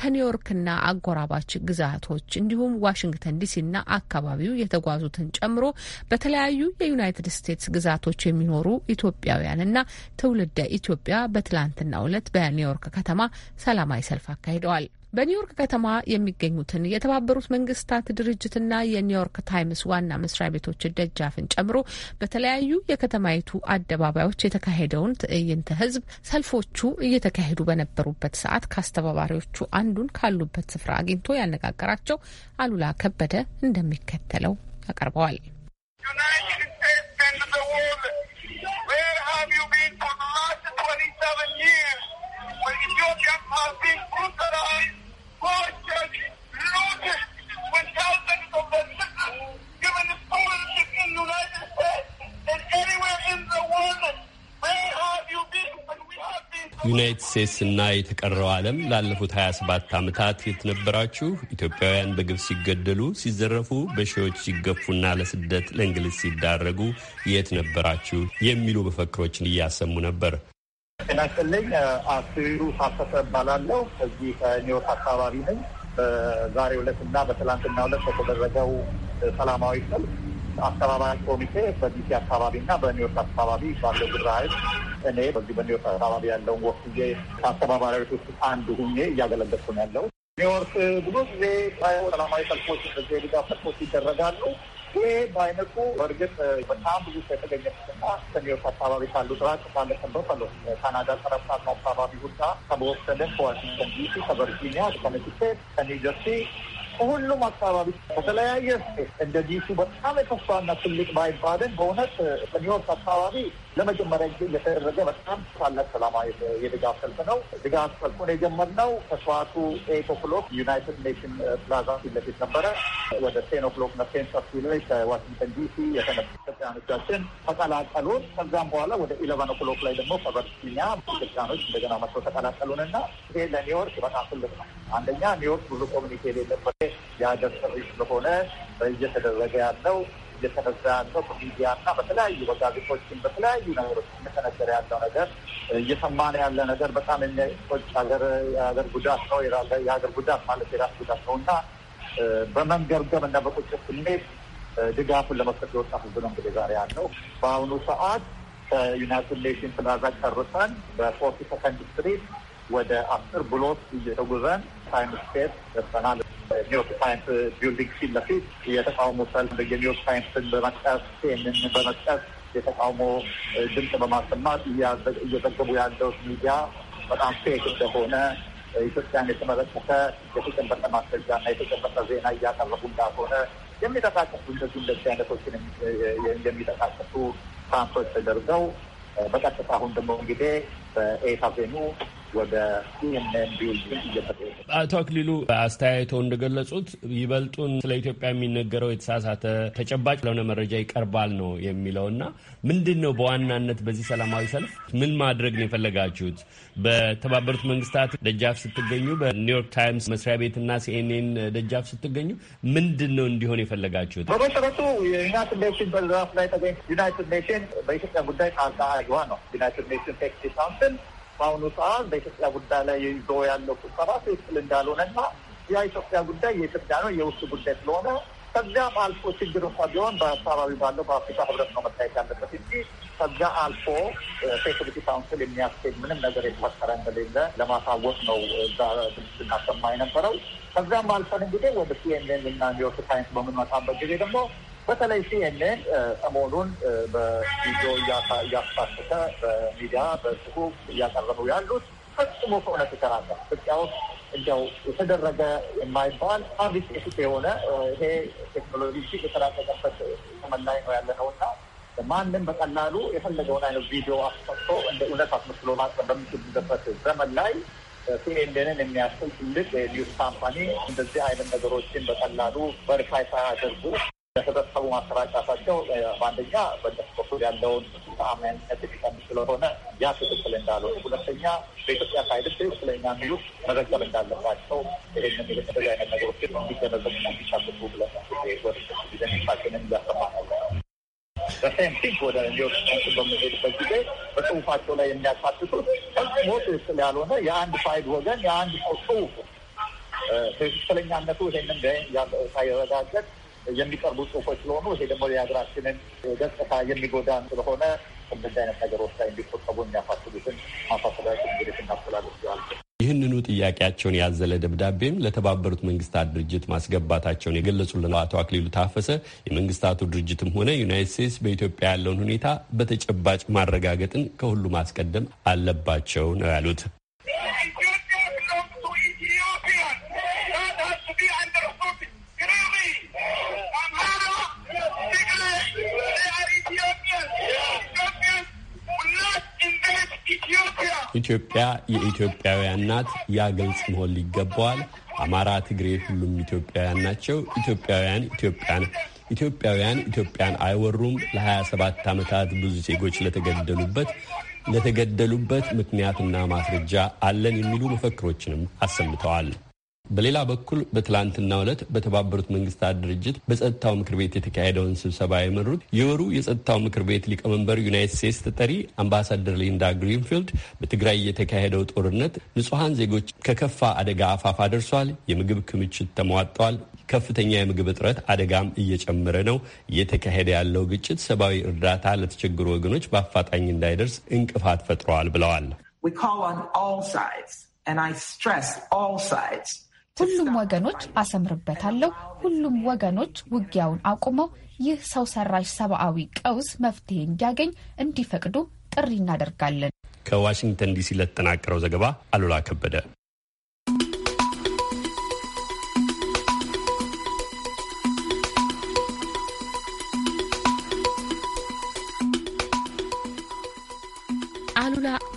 ከኒውዮርክና አጎራባች ግዛቶች እንዲሁም ዋሽንግተን ዲሲና አካባቢው የተጓዙትን ጨምሮ በተለያዩ የዩናይትድ ስቴትስ ግዛቶች የሚኖሩ ኢትዮጵያውያንና ትውልደ ኢትዮጵያ በትላንትናው ዕለት በኒውዮርክ ከተማ ሰላማዊ ሰልፍ አካሂደዋል። በኒውዮርክ ከተማ የሚገኙትን የተባበሩት መንግስታት ድርጅትና የኒውዮርክ ታይምስ ዋና መስሪያ ቤቶች ደጃፍን ጨምሮ በተለያዩ የከተማይቱ አደባባዮች የተካሄደውን ትዕይንተ ህዝብ ሰልፎቹ እየተካሄዱ በነበሩበት ሰዓት ከአስተባባሪዎቹ አንዱን ካሉበት ስፍራ አግኝቶ ያነጋገራቸው አሉላ ከበደ እንደሚከተለው ያቀርበዋል። I've been brutalized ስቴትስ እና የተቀረው ዓለም ላለፉት 27 ዓመታት የተነበራችሁ ኢትዮጵያውያን በግብፅ ሲገደሉ፣ ሲዘረፉ፣ በሺዎች ሲገፉና ለስደት ለእንግሊዝ ሲዳረጉ የት ነበራችሁ የሚሉ መፈክሮችን እያሰሙ ነበር። ጤና ይስጥልኝ። አስሩ ታፈሰ እባላለሁ። እዚህ ከኒውዮርክ አካባቢ ነኝ። በዛሬው ዕለት እና በትላንትናው ዕለት በተደረገው ሰላማዊ ሰልፍ አስተባባሪ ኮሚቴ በዲሲ አካባቢ እና በኒውዮርክ አካባቢ ባለው ግብረ ኃይል እኔ በዚህ በኒውዮርክ አካባቢ ያለውን ወክዬ ከአስተባባሪዎች ውስጥ አንዱ ሁኜ እያገለገልኩ ነው ያለው። ኒውዮርክ ብዙ ጊዜ ሰላማዊ ሰልፎች፣ ድጋፍ ሰልፎች ይደረጋሉ። ይሄ በአይነቱ በእርግጥ በጣም ብዙ የተገኘበትና ሰኒዎች አካባቢ ካሉ ጥራት ባለሰንበት አለ ካናዳ ጠረፍ አካባቢ ሁላ ከበወሰደ ከዋሽንግተን ዲሲ፣ ከቨርጂኒያ፣ ከኔቲኬት፣ ከኒውጀርሲ ከሁሉም አካባቢ ከተለያየ እንደ ዲሲ በጣም የተስፋና ትልቅ ባይባልን በእውነት ሰኒዎች አካባቢ ለመጀመሪያ ጊዜ የተደረገ በጣም ታላቅ ሰላማዊ የድጋፍ ሰልፍ ነው። ድጋፍ ሰልፉን የጀመርነው ከሰዓቱ ኤት ኦክሎክ ዩናይትድ ኔሽን ፕላዛ ፊት ለፊት ነበረ። ወደ ቴን ኦክሎክ እና ቴን ላይ ከዋሽንግተን ዲሲ የተነሱ ኢትዮጵያኖቻችን ተቀላቀሉን። ከዛም በኋላ ወደ ኢለቨን ኦክሎክ ላይ ደግሞ ከቨርጂኒያ ኢትዮጵያኖች እንደገና መጥቶ ተቀላቀሉን እና ይሄ ለኒውዮርክ በጣም ትልቅ ነው። አንደኛ ኒውዮርክ ብዙ ኮሚኒቲ የሌለበት የሀገር ሰሪ ስለሆነ በዚህ ያለው እየተነዛ ያለው በሚዲያ እና በተለያዩ በጋዜጦችን በተለያዩ ነገሮች እየተነገረ ያለው ነገር እየሰማን ያለ ነገር በጣም የሚቆጭ ሀገር የሀገር ጉዳት ነው። የሀገር ጉዳት ማለት የራስ ጉዳት ነው እና በመንገርገም እና በቁጭት ስሜት ድጋፉን ለመስጠት የወጣ ህዝብ ነው እንግዲህ ዛሬ ያለው በአሁኑ ሰዓት ከዩናይትድ ኔሽንስ ፕላዛ ጨርሰን በፎርቲ ሰከንድ ስትሪት ወደ አስር ብሎት እየተጉዘን ሳይንስ ስቴት ደርሰናል። ኒውዮርክ ታይምስ ቢልዲንግ ፊት ለፊት የተቃውሞ ሰልፍ የኒውዮርክ ታይምስን በመጥቀስ ይህንን በመጥቀስ የተቃውሞ ድምፅ በማሰማት እየዘገቡ ያለው ሚዲያ በጣም ፌክ እንደሆነ ኢትዮጵያን የተመለከተ የተጨበጠ እና የተጨበጠ ዜና እያቀረቡ እንዳልሆነ የሚጠቃቀሱ እንደዚህ እንደዚህ አይነቶችን የሚጠቃቀሱ ሳንሶች ተደርገው በቀጥታ አሁን ደግሞ እንግዲህ በኤታ ዜኑ ወደ አቶ አክሊሉ አስተያየተው እንደገለጹት ይበልጡን ስለ ኢትዮጵያ የሚነገረው የተሳሳተ ተጨባጭ ለሆነ መረጃ ይቀርባል ነው የሚለው እና ምንድን ነው በዋናነት በዚህ ሰላማዊ ሰልፍ ምን ማድረግ ነው የፈለጋችሁት? በተባበሩት መንግስታት ደጃፍ ስትገኙ፣ በኒውዮርክ ታይምስ መስሪያ ቤትና ሲኤንኤን ደጃፍ ስትገኙ ምንድን ነው እንዲሆን የፈለጋችሁት? በመሰረቱ የዩናይትድ ኔሽን በዛፍ ላይ ዩናይትድ ኔሽን በኢትዮጵያ ጉዳይ ጣልቃ ነው ዩናይትድ ኔሽን ቴክስ ካውንስል በአሁኑ ሰዓት በኢትዮጵያ ጉዳይ ላይ ይዞ ያለው ቁጠባ ትክክል እንዳልሆነና ያ ኢትዮጵያ ጉዳይ የኢትዮጵያ ነው የውስጥ ጉዳይ ስለሆነ ከዚያም አልፎ ችግር እንኳ ቢሆን በአካባቢ ባለው በአፍሪካ ህብረት ነው መታየት ያለበት እንጂ ከዛ አልፎ ሴኩሪቲ ካውንስል የሚያስገኝ ምንም ነገር የተፈጠረ እንደሌለ ለማሳወቅ ነው እዛ እናሰማ የነበረው። ከዚያም አልፈን እንግዲህ ወደ ሲኤንኤን እና ኒውዮርክ ታይምስ በምንመጣበት ጊዜ ደግሞ በተለይ ሲኤንኤን ሰሞኑን በቪዲዮ እያሳተተ በሚዲያ በጽሁፍ እያቀረቡ ያሉት ፈጽሞ ከእውነት የተራቀ ኢትዮጵያ ውስጥ እንዲያው የተደረገ የማይባል አቢሴቲክ የሆነ ይሄ ቴክኖሎጂ እጅግ የተራቀቀበት ዘመን ላይ ነው ያለ ነው እና ማንም በቀላሉ የፈለገውን አይነት ቪዲዮ አስፈቶ እንደ እውነት አስመስሎ ማቅረብ በሚችልበት ዘመን ላይ ሲኤንኤንን የሚያስል ትልቅ ኒውስ ካምፓኒ እንደዚህ አይነት ነገሮችን በቀላሉ በርካይ ሳያደርጉ ለህብረተሰቡ ማሰራጫታቸው በአንደኛ በእነሱ በኩል ያለውን ተአማኒነት የሚቀንስ ስለሆነ ያ ትክክል እንዳልሆነ፣ ሁለተኛ በኢትዮጵያ ሳይድስ ትክክለኛ ሚሉት መዘገብ እንዳለባቸው ይህን የሚልስለ አይነት ነገሮችን እንዲገነዘቡና እንዲቻልፉ ብለን ወደ እያሰማ ነው። በሳይንቲክ ወደ ሊወቅሱ በምንሄድበት ጊዜ በጽሁፋቸው ላይ የሚያካትቱት ፈጽሞ ትክክል ያልሆነ የአንድ ሳይድ ወገን የአንድ ሰው ጽሁፍ ትክክለኛነቱ ይህንን ሳይረጋገጥ የሚቀርቡ ጽሁፎች ስለሆኑ ይሄ ደግሞ የሀገራችንን ገጽታ የሚጎዳን ስለሆነ እንደዚህ አይነት ነገሮች ላይ እንዲቆጠቡ የሚያፋስሉትን ማሳሰቢያዎች እንግዲህ እናስተላልፍ ይህንኑ ጥያቄያቸውን ያዘለ ደብዳቤም ለተባበሩት መንግስታት ድርጅት ማስገባታቸውን የገለጹልን አቶ አክሊሉ ታፈሰ የመንግስታቱ ድርጅትም ሆነ ዩናይት ስቴትስ በኢትዮጵያ ያለውን ሁኔታ በተጨባጭ ማረጋገጥን ከሁሉ ማስቀደም አለባቸው ነው ያሉት። ኢትዮጵያ የኢትዮጵያውያን ናት። ያ ግልጽ መሆን ሊገባዋል። አማራ፣ ትግሬ ሁሉም ኢትዮጵያውያን ናቸው። ኢትዮጵያውያን ኢትዮጵያን ኢትዮጵያውያን ኢትዮጵያን አይወሩም። ለ27 ዓመታት ብዙ ዜጎች ለተገደሉበት ለተገደሉበት ምክንያትና ማስረጃ አለን የሚሉ መፈክሮችንም አሰምተዋል። በሌላ በኩል በትላንትና ዕለት በተባበሩት መንግስታት ድርጅት በጸጥታው ምክር ቤት የተካሄደውን ስብሰባ የመሩት የወሩ የጸጥታው ምክር ቤት ሊቀመንበር ዩናይት ስቴትስ ተጠሪ አምባሳደር ሊንዳ ግሪንፊልድ በትግራይ የተካሄደው ጦርነት ንጹሐን ዜጎች ከከፋ አደጋ አፋፋ ደርሷል፣ የምግብ ክምችት ተሟጧል፣ ከፍተኛ የምግብ እጥረት አደጋም እየጨመረ ነው፣ እየተካሄደ ያለው ግጭት ሰብአዊ እርዳታ ለተቸገሩ ወገኖች በአፋጣኝ እንዳይደርስ እንቅፋት ፈጥረዋል ብለዋል። We call on all sides, and I stress all sides. ሁሉም ወገኖች አሰምርበታለሁ። ሁሉም ወገኖች ውጊያውን አቁመው ይህ ሰው ሰራሽ ሰብአዊ ቀውስ መፍትሄ እንዲያገኝ እንዲፈቅዱ ጥሪ እናደርጋለን። ከዋሽንግተን ዲሲ ለተጠናቀረው ዘገባ አሉላ ከበደ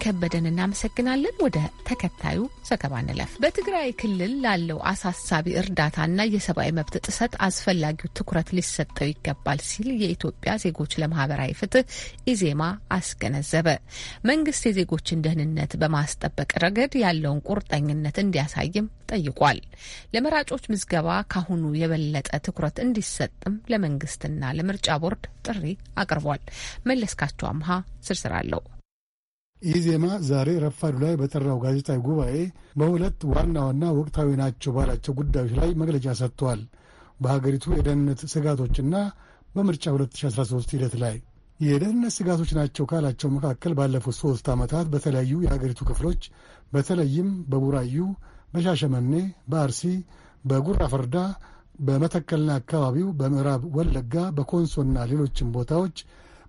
ከበደን እናመሰግናለን። ወደ ተከታዩ ዘገባ እንለፍ። በትግራይ ክልል ላለው አሳሳቢ እርዳታና የሰብአዊ መብት ጥሰት አስፈላጊው ትኩረት ሊሰጠው ይገባል ሲል የኢትዮጵያ ዜጎች ለማህበራዊ ፍትህ ኢዜማ አስገነዘበ። መንግስት የዜጎችን ደህንነት በማስጠበቅ ረገድ ያለውን ቁርጠኝነት እንዲያሳይም ጠይቋል። ለመራጮች ምዝገባ ካሁኑ የበለጠ ትኩረት እንዲሰጥም ለመንግስትና ለምርጫ ቦርድ ጥሪ አቅርቧል። መለስካቸው አምሃ ስርስራለው ኢዜማ ዛሬ ረፋዱ ላይ በጠራው ጋዜጣዊ ጉባኤ በሁለት ዋና ዋና ወቅታዊ ናቸው ባላቸው ጉዳዮች ላይ መግለጫ ሰጥቷል። በሀገሪቱ የደህንነት ስጋቶችና በምርጫ 2013 ሂደት ላይ የደህንነት ስጋቶች ናቸው ካላቸው መካከል ባለፉት ሶስት ዓመታት በተለያዩ የሀገሪቱ ክፍሎች በተለይም በቡራዩ፣ በሻሸመኔ፣ በአርሲ፣ በጉራ ፈርዳ፣ በመተከልና አካባቢው፣ በምዕራብ ወለጋ፣ በኮንሶና ሌሎችም ቦታዎች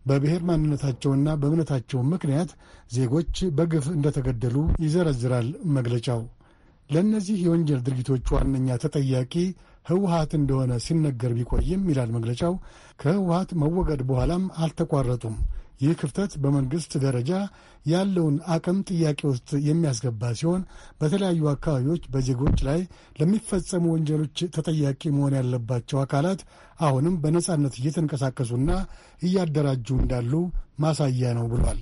በብሔር ማንነታቸውና በእምነታቸው ምክንያት ዜጎች በግፍ እንደተገደሉ ይዘረዝራል መግለጫው። ለእነዚህ የወንጀል ድርጊቶች ዋነኛ ተጠያቂ ህወሀት እንደሆነ ሲነገር ቢቆይም ይላል መግለጫው፣ ከህወሀት መወገድ በኋላም አልተቋረጡም። ይህ ክፍተት በመንግስት ደረጃ ያለውን አቅም ጥያቄ ውስጥ የሚያስገባ ሲሆን በተለያዩ አካባቢዎች በዜጎች ላይ ለሚፈጸሙ ወንጀሎች ተጠያቂ መሆን ያለባቸው አካላት አሁንም በነጻነት እየተንቀሳቀሱና እያደራጁ እንዳሉ ማሳያ ነው ብሏል።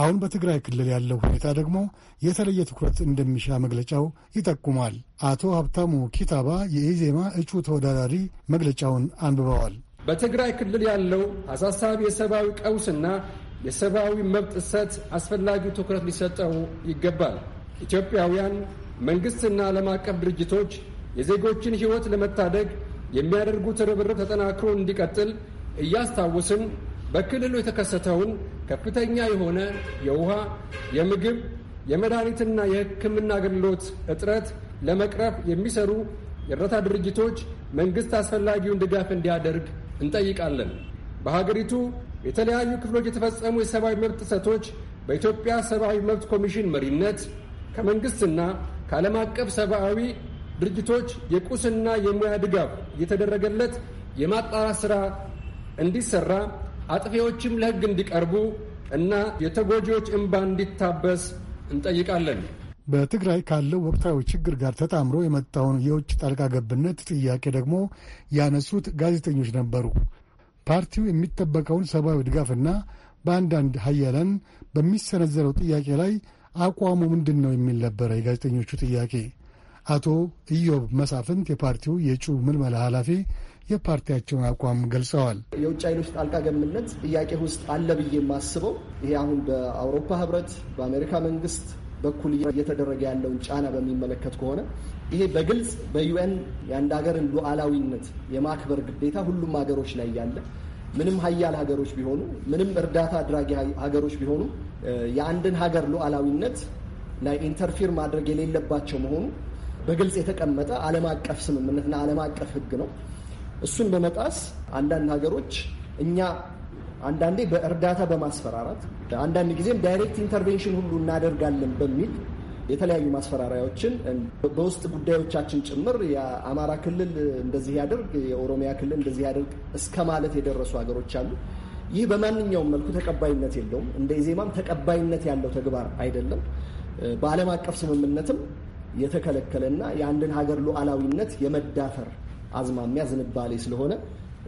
አሁን በትግራይ ክልል ያለው ሁኔታ ደግሞ የተለየ ትኩረት እንደሚሻ መግለጫው ይጠቁማል። አቶ ሀብታሙ ኪታባ የኢዜማ እጩ ተወዳዳሪ መግለጫውን አንብበዋል። በትግራይ ክልል ያለው አሳሳቢ የሰብአዊ ቀውስና የሰብአዊ መብት ጥሰት አስፈላጊ ትኩረት ሊሰጠው ይገባል። ኢትዮጵያውያን መንግሥትና ዓለም አቀፍ ድርጅቶች የዜጎችን ሕይወት ለመታደግ የሚያደርጉት ርብርብ ተጠናክሮ እንዲቀጥል እያስታወስን በክልሉ የተከሰተውን ከፍተኛ የሆነ የውሃ፣ የምግብ፣ የመድኃኒትና የሕክምና አገልግሎት እጥረት ለመቅረፍ የሚሰሩ የእርዳታ ድርጅቶች መንግሥት አስፈላጊውን ድጋፍ እንዲያደርግ እንጠይቃለን። በሀገሪቱ የተለያዩ ክፍሎች የተፈጸሙ የሰብአዊ መብት ጥሰቶች በኢትዮጵያ ሰብአዊ መብት ኮሚሽን መሪነት ከመንግስትና ከዓለም አቀፍ ሰብአዊ ድርጅቶች የቁስና የሙያ ድጋፍ እየተደረገለት የማጣራት ሥራ እንዲሰራ፣ አጥፊዎችም ለሕግ እንዲቀርቡ እና የተጎጂዎች እንባ እንዲታበስ እንጠይቃለን። በትግራይ ካለው ወቅታዊ ችግር ጋር ተጣምሮ የመጣውን የውጭ ጣልቃ ገብነት ጥያቄ ደግሞ ያነሱት ጋዜጠኞች ነበሩ። ፓርቲው የሚጠበቀውን ሰብአዊ ድጋፍና በአንዳንድ ሀያላን በሚሰነዘረው ጥያቄ ላይ አቋሙ ምንድን ነው የሚል ነበረ የጋዜጠኞቹ ጥያቄ። አቶ ኢዮብ መሳፍንት የፓርቲው የጩ ምልመላ ኃላፊ የፓርቲያቸውን አቋም ገልጸዋል። የውጭ ኃይሎች ጣልቃ ገብነት ጥያቄ ውስጥ አለ ብዬ የማስበው ይሄ አሁን በአውሮፓ ህብረት፣ በአሜሪካ መንግስት በኩል እየተደረገ ያለውን ጫና በሚመለከት ከሆነ ይሄ በግልጽ በዩኤን የአንድ ሀገርን ሉዓላዊነት የማክበር ግዴታ ሁሉም ሀገሮች ላይ ያለ ምንም ሀያል ሀገሮች ቢሆኑ ምንም እርዳታ አድራጊ ሀገሮች ቢሆኑ የአንድን ሀገር ሉዓላዊነት ላይ ኢንተርፊር ማድረግ የሌለባቸው መሆኑ በግልጽ የተቀመጠ ዓለም አቀፍ ስምምነትና ዓለም አቀፍ ሕግ ነው። እሱን በመጣስ አንዳንድ ሀገሮች እኛ አንዳንዴ በእርዳታ በማስፈራራት አንዳንድ ጊዜም ዳይሬክት ኢንተርቬንሽን ሁሉ እናደርጋለን በሚል የተለያዩ ማስፈራሪያዎችን በውስጥ ጉዳዮቻችን ጭምር የአማራ ክልል እንደዚህ ያደርግ፣ የኦሮሚያ ክልል እንደዚህ ያደርግ እስከ ማለት የደረሱ ሀገሮች አሉ። ይህ በማንኛውም መልኩ ተቀባይነት የለውም። እንደ ኢዜማም ተቀባይነት ያለው ተግባር አይደለም። በዓለም አቀፍ ስምምነትም የተከለከለና የአንድን ሀገር ሉዓላዊነት የመዳፈር አዝማሚያ ዝንባሌ ስለሆነ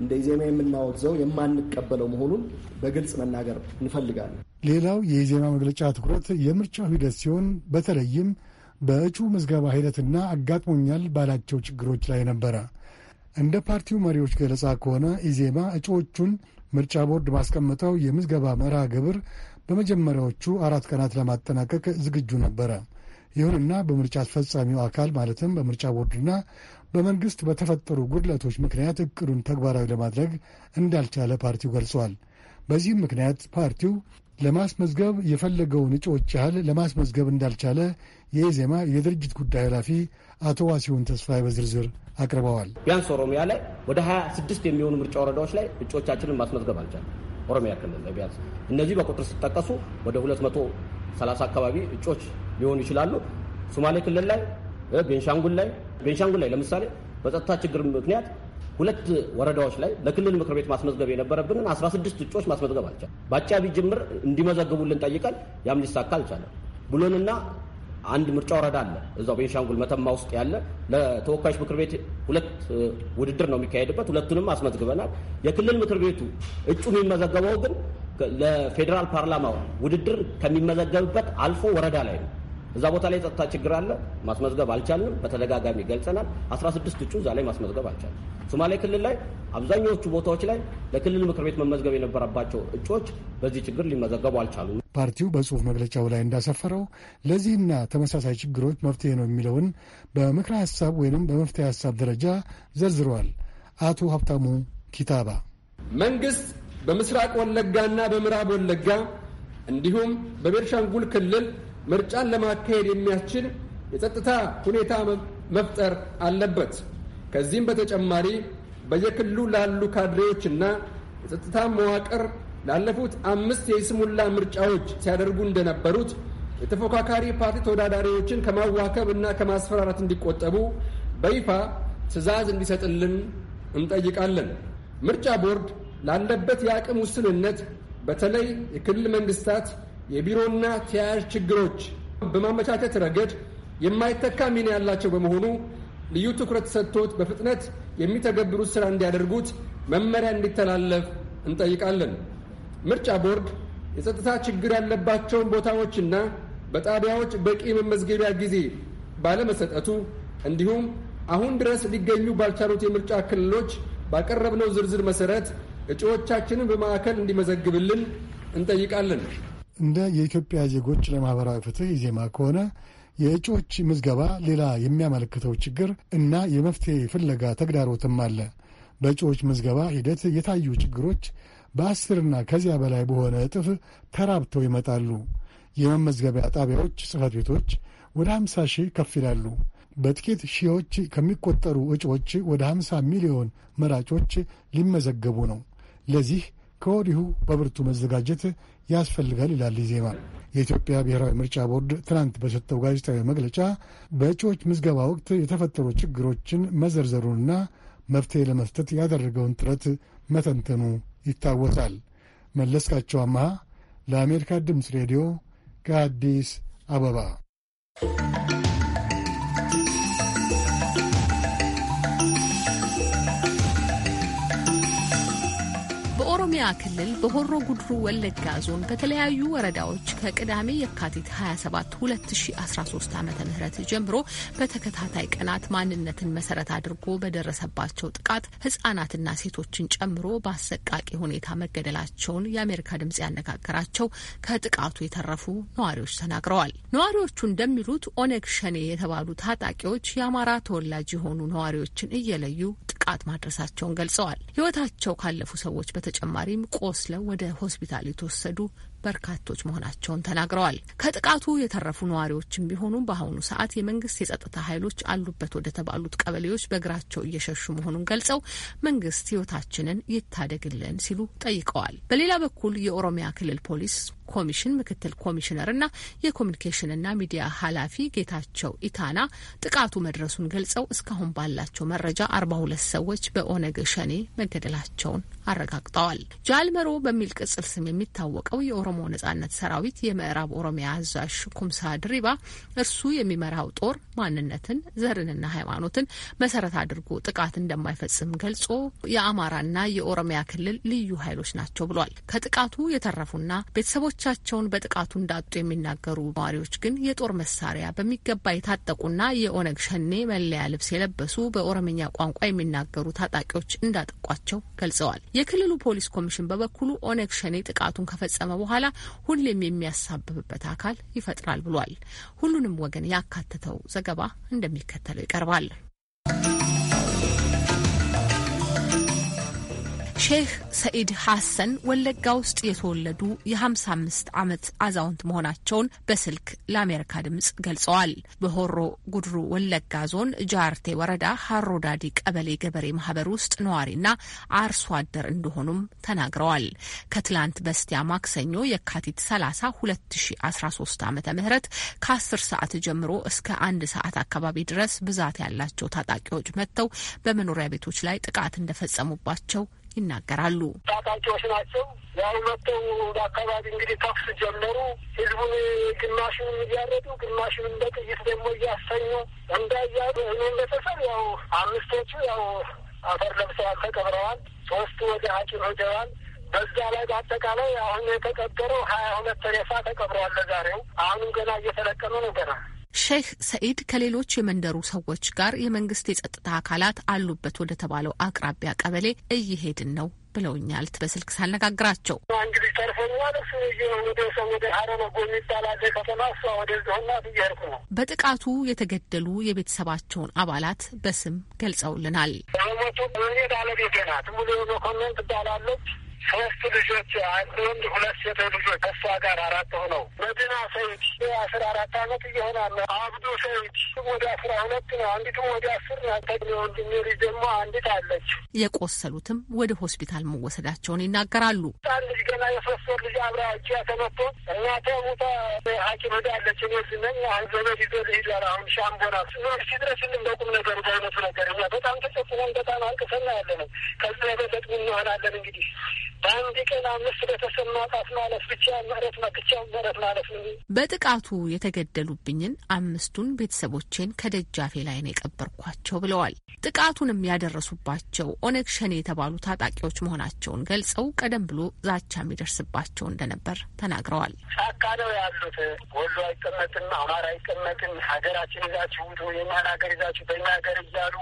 እንደ ኢዜማ የምናወግዘው የማንቀበለው መሆኑን በግልጽ መናገር እንፈልጋለን። ሌላው የኢዜማ መግለጫ ትኩረት የምርጫው ሂደት ሲሆን በተለይም በእጩ ምዝገባ ሂደትና አጋጥሞኛል ባላቸው ችግሮች ላይ ነበረ። እንደ ፓርቲው መሪዎች ገለጻ ከሆነ ኢዜማ እጩዎቹን ምርጫ ቦርድ ባስቀመጠው የምዝገባ መርሃ ግብር በመጀመሪያዎቹ አራት ቀናት ለማጠናቀቅ ዝግጁ ነበረ። ይሁንና በምርጫ አስፈጻሚው አካል ማለትም በምርጫ ቦርድና በመንግስት በተፈጠሩ ጉድለቶች ምክንያት እቅዱን ተግባራዊ ለማድረግ እንዳልቻለ ፓርቲው ገልጿል። በዚህም ምክንያት ፓርቲው ለማስመዝገብ የፈለገውን እጩዎች ያህል ለማስመዝገብ እንዳልቻለ የኢዜማ የድርጅት ጉዳይ ኃላፊ አቶ ዋሲሁን ተስፋዬ በዝርዝር አቅርበዋል። ቢያንስ ኦሮሚያ ላይ ወደ 26 የሚሆኑ ምርጫ ወረዳዎች ላይ እጩዎቻችንን ማስመዝገብ አልቻለም። ኦሮሚያ ክልል ላይ ቢያንስ እነዚህ በቁጥር ሲጠቀሱ ወደ 230 አካባቢ እጩዎች ሊሆኑ ይችላሉ። ሶማሌ ክልል ላይ ቤንሻንጉል ላይ ቤንሻንጉል ላይ ለምሳሌ በጸጥታ ችግር ምክንያት ሁለት ወረዳዎች ላይ ለክልል ምክር ቤት ማስመዝገብ የነበረብንን 16 እጩዎች ማስመዝገብ አልቻል በአጫቢ ጅምር እንዲመዘግቡልን ጠይቀን ያም ሊሳካ አልቻለም። ብሎንና አንድ ምርጫ ወረዳ አለ እዛው ቤንሻንጉል መተማ ውስጥ ያለ ለተወካዮች ምክር ቤት ሁለት ውድድር ነው የሚካሄድበት። ሁለቱንም አስመዝግበናል። የክልል ምክር ቤቱ እጩ የሚመዘገበው ግን ለፌዴራል ፓርላማ ውድድር ከሚመዘገብበት አልፎ ወረዳ ላይ ነው። እዛ ቦታ ላይ የጸጥታ ችግር አለ። ማስመዝገብ አልቻልንም። በተደጋጋሚ ገልጸናል። 16 እጩ እዛ ላይ ማስመዝገብ አልቻልንም። ሶማሌ ክልል ላይ አብዛኛዎቹ ቦታዎች ላይ ለክልል ምክር ቤት መመዝገብ የነበረባቸው እጩዎች በዚህ ችግር ሊመዘገቡ አልቻሉም። ፓርቲው በጽሁፍ መግለጫው ላይ እንዳሰፈረው ለዚህና ተመሳሳይ ችግሮች መፍትሄ ነው የሚለውን በምክረ ሀሳብ ወይንም በመፍትሄ ሀሳብ ደረጃ ዘርዝረዋል። አቶ ሀብታሙ ኪታባ መንግስት በምስራቅ ወለጋና በምዕራብ ወለጋ እንዲሁም በቤርሻንጉል ክልል ምርጫን ለማካሄድ የሚያስችል የጸጥታ ሁኔታ መፍጠር አለበት። ከዚህም በተጨማሪ በየክልሉ ላሉ ካድሬዎችና የጸጥታ መዋቅር ላለፉት አምስት የስሙላ ምርጫዎች ሲያደርጉ እንደነበሩት የተፎካካሪ ፓርቲ ተወዳዳሪዎችን ከማዋከብ እና ከማስፈራራት እንዲቆጠቡ በይፋ ትዕዛዝ እንዲሰጥልን እንጠይቃለን። ምርጫ ቦርድ ላለበት የአቅም ውስንነት በተለይ የክልል መንግስታት የቢሮና ተያያዥ ችግሮች በማመቻቸት ረገድ የማይተካ ሚና ያላቸው በመሆኑ ልዩ ትኩረት ሰጥቶት በፍጥነት የሚተገብሩት ስራ እንዲያደርጉት መመሪያ እንዲተላለፍ እንጠይቃለን። ምርጫ ቦርድ የጸጥታ ችግር ያለባቸውን ቦታዎችና በጣቢያዎች በቂ መመዝገቢያ ጊዜ ባለመሰጠቱ እንዲሁም አሁን ድረስ ሊገኙ ባልቻሉት የምርጫ ክልሎች ባቀረብነው ዝርዝር መሠረት እጩዎቻችንን በማዕከል እንዲመዘግብልን እንጠይቃለን። እንደ የኢትዮጵያ ዜጎች ለማህበራዊ ፍትህ ኢዜማ ከሆነ የእጩዎች ምዝገባ ሌላ የሚያመለክተው ችግር እና የመፍትሄ ፍለጋ ተግዳሮትም አለ። በእጩዎች ምዝገባ ሂደት የታዩ ችግሮች በአስርና ከዚያ በላይ በሆነ እጥፍ ተራብተው ይመጣሉ። የመመዝገቢያ ጣቢያዎች፣ ጽህፈት ቤቶች ወደ 50 ሺህ ከፍ ይላሉ። በጥቂት ሺዎች ከሚቆጠሩ እጩዎች ወደ 5ምሳ ሚሊዮን መራጮች ሊመዘገቡ ነው። ለዚህ ከወዲሁ በብርቱ መዘጋጀት ያስፈልጋል ይላል ዜማ። የኢትዮጵያ ብሔራዊ ምርጫ ቦርድ ትናንት በሰጠው ጋዜጣዊ መግለጫ በእጩዎች ምዝገባ ወቅት የተፈጠሩ ችግሮችን መዘርዘሩንና መፍትሄ ለመስጠት ያደረገውን ጥረት መተንተኑ ይታወሳል። መለስካቸው አመሃ ለአሜሪካ ድምፅ ሬዲዮ ከአዲስ አበባ በኦሮሚያ ክልል በሆሮ ጉድሩ ወለጋ ዞን በተለያዩ ወረዳዎች ከቅዳሜ የካቲት 27 2013 ዓ ም ጀምሮ በተከታታይ ቀናት ማንነትን መሰረት አድርጎ በደረሰባቸው ጥቃት ህጻናትና ሴቶችን ጨምሮ በአሰቃቂ ሁኔታ መገደላቸውን የአሜሪካ ድምጽ ያነጋገራቸው ከጥቃቱ የተረፉ ነዋሪዎች ተናግረዋል። ነዋሪዎቹ እንደሚሉት ኦነግ ሸኔ የተባሉ ታጣቂዎች የአማራ ተወላጅ የሆኑ ነዋሪዎችን እየለዩ ጥቃት ማድረሳቸውን ገልጸዋል። ሕይወታቸው ካለፉ ሰዎች በተጨማሪም ቆስለው ወደ ሆስፒታል የተወሰዱ በርካቶች መሆናቸውን ተናግረዋል። ከጥቃቱ የተረፉ ነዋሪዎችም ቢሆኑ በአሁኑ ሰዓት የመንግስት የጸጥታ ኃይሎች አሉበት ወደ ተባሉት ቀበሌዎች በእግራቸው እየሸሹ መሆኑን ገልጸው መንግስት ህይወታችንን ይታደግልን ሲሉ ጠይቀዋል። በሌላ በኩል የኦሮሚያ ክልል ፖሊስ ኮሚሽን ምክትል ኮሚሽነርና የኮሚኒኬሽንና ሚዲያ ኃላፊ ጌታቸው ኢታና ጥቃቱ መድረሱን ገልጸው እስካሁን ባላቸው መረጃ አርባ ሁለት ሰዎች በኦነግ ሸኔ መገደላቸውን አረጋግጠዋል። ጃልመሮ በሚል ቅጽል ስም የሚታወቀው የኦሮሞ የኦሮሞ ነጻነት ሰራዊት የምዕራብ ኦሮሚያ አዛዥ ኩምሳ ድሪባ እርሱ የሚመራው ጦር ማንነትን፣ ዘርንና ሃይማኖትን መሰረት አድርጎ ጥቃት እንደማይፈጽም ገልጾ የአማራና የኦሮሚያ ክልል ልዩ ኃይሎች ናቸው ብሏል። ከጥቃቱ የተረፉና ቤተሰቦቻቸውን በጥቃቱ እንዳጡ የሚናገሩ ነዋሪዎች ግን የጦር መሳሪያ በሚገባ የታጠቁና የኦነግ ሸኔ መለያ ልብስ የለበሱ በኦሮምኛ ቋንቋ የሚናገሩ ታጣቂዎች እንዳጠቋቸው ገልጸዋል። የክልሉ ፖሊስ ኮሚሽን በበኩሉ ኦነግ ሸኔ ጥቃቱን ከፈጸመ በኋላ በኋላ ሁሌም የሚያሳብብበት አካል ይፈጥራል ብሏል። ሁሉንም ወገን ያካተተው ዘገባ እንደሚከተለው ይቀርባል። ሼህ ሰኢድ ሐሰን ወለጋ ውስጥ የተወለዱ የ55 ዓመት አዛውንት መሆናቸውን በስልክ ለአሜሪካ ድምጽ ገልጸዋል። በሆሮ ጉድሩ ወለጋ ዞን ጃርቴ ወረዳ ሀሮዳዲ ቀበሌ ገበሬ ማህበር ውስጥ ነዋሪና አርሶ አደር እንደሆኑም ተናግረዋል። ከትላንት በስቲያ ማክሰኞ የካቲት 30 2013 ዓ ም ከ10 ሰዓት ጀምሮ እስከ አንድ ሰዓት አካባቢ ድረስ ብዛት ያላቸው ታጣቂዎች መጥተው በመኖሪያ ቤቶች ላይ ጥቃት እንደፈጸሙባቸው ይናገራሉ። ታጣቂዎች ናቸው። ያው መጥተው አካባቢ እንግዲህ ተኩስ ጀመሩ። ህዝቡን ግማሽን እያረዱ ግማሽንም በጥይት ደግሞ እያሰኙ እንዳያሉ እኔ ቤተሰብ ያው አምስቶቹ ያው አፈር ለብሰዋል፣ ተቀብረዋል። ሶስቱ ወደ ሐኪም ሄደዋል። በዛ ላይ በአጠቃላይ አሁን የተቀበረው ሀያ ሁለት ሬሳ ተቀብረዋል። ለዛሬው አሁንም ገና እየተለቀመ ነው ገና ሼህ ሰኢድ ከሌሎች የመንደሩ ሰዎች ጋር የመንግስት የጸጥታ አካላት አሉበት ወደ ተባለው አቅራቢያ ቀበሌ እየሄድን ነው ብለውኛል። በስልክ ሳነጋግራቸው እንግዲህ ተርፎኛል ወደ የሚባል ከተማ እሷ ነው። በጥቃቱ የተገደሉ የቤተሰባቸውን አባላት በስም ገልጸውልናል። ሞቱ ባለቤቴ ናት ሙሉ መኮንን ትባላለች። ሶስት ልጆች አንድ ወንድ ሁለት ሴት ልጆች ከሷ ጋር አራት ሆነው መዲና ሰይድ አስራ አራት አመት እየሆናለ አብዱ ሰይድ ወደ አስራ ሁለት ነው። አንዲቱም ወደ አስር ናት። ወንድሜ ደግሞ አንዲት አለች። የቆሰሉትም ወደ ሆስፒታል መወሰዳቸውን ይናገራሉ። ጣን ልጅ ገና የሶስት ወር ልጅ አብራ እጅ ተመቶ እናተ ቦታ ሐኪም ሄዳለች። እኔ ዝነኝ አንድ ዘመድ ይዞ ልሂድ አለ። አሁን ሻምቦና ኖር ሲድረስልን እንደቁም ነገሩ በእውነቱ ነገር እኛ በጣም ተጨፍነን በጣም አልቅሰና ያለ ነው። ከዚህ በበለጥ ምን እንሆናለን እንግዲህ በአንድ ቀን አምስት ቤተሰብ ማውጣት ማለት ብቻ መሬት መክቻ መሬት ማለት ነው። በጥቃቱ የተገደሉብኝን አምስቱን ቤተሰቦቼን ከደጃፌ ላይ ነው የቀበርኳቸው ብለዋል። ጥቃቱንም ያደረሱባቸው ኦነግ ሸኔ የተባሉ ታጣቂዎች መሆናቸውን ገልጸው ቀደም ብሎ ዛቻ የሚደርስባቸው እንደነበር ተናግረዋል። ጫካ ነው ያሉት። ወሎ አይቀመጥም፣ አማራ አይቀመጥም፣ ሀገራችን ይዛችሁ ውጡ፣ የእኛን ሀገር ይዛችሁ በኛ ሀገር እያሉ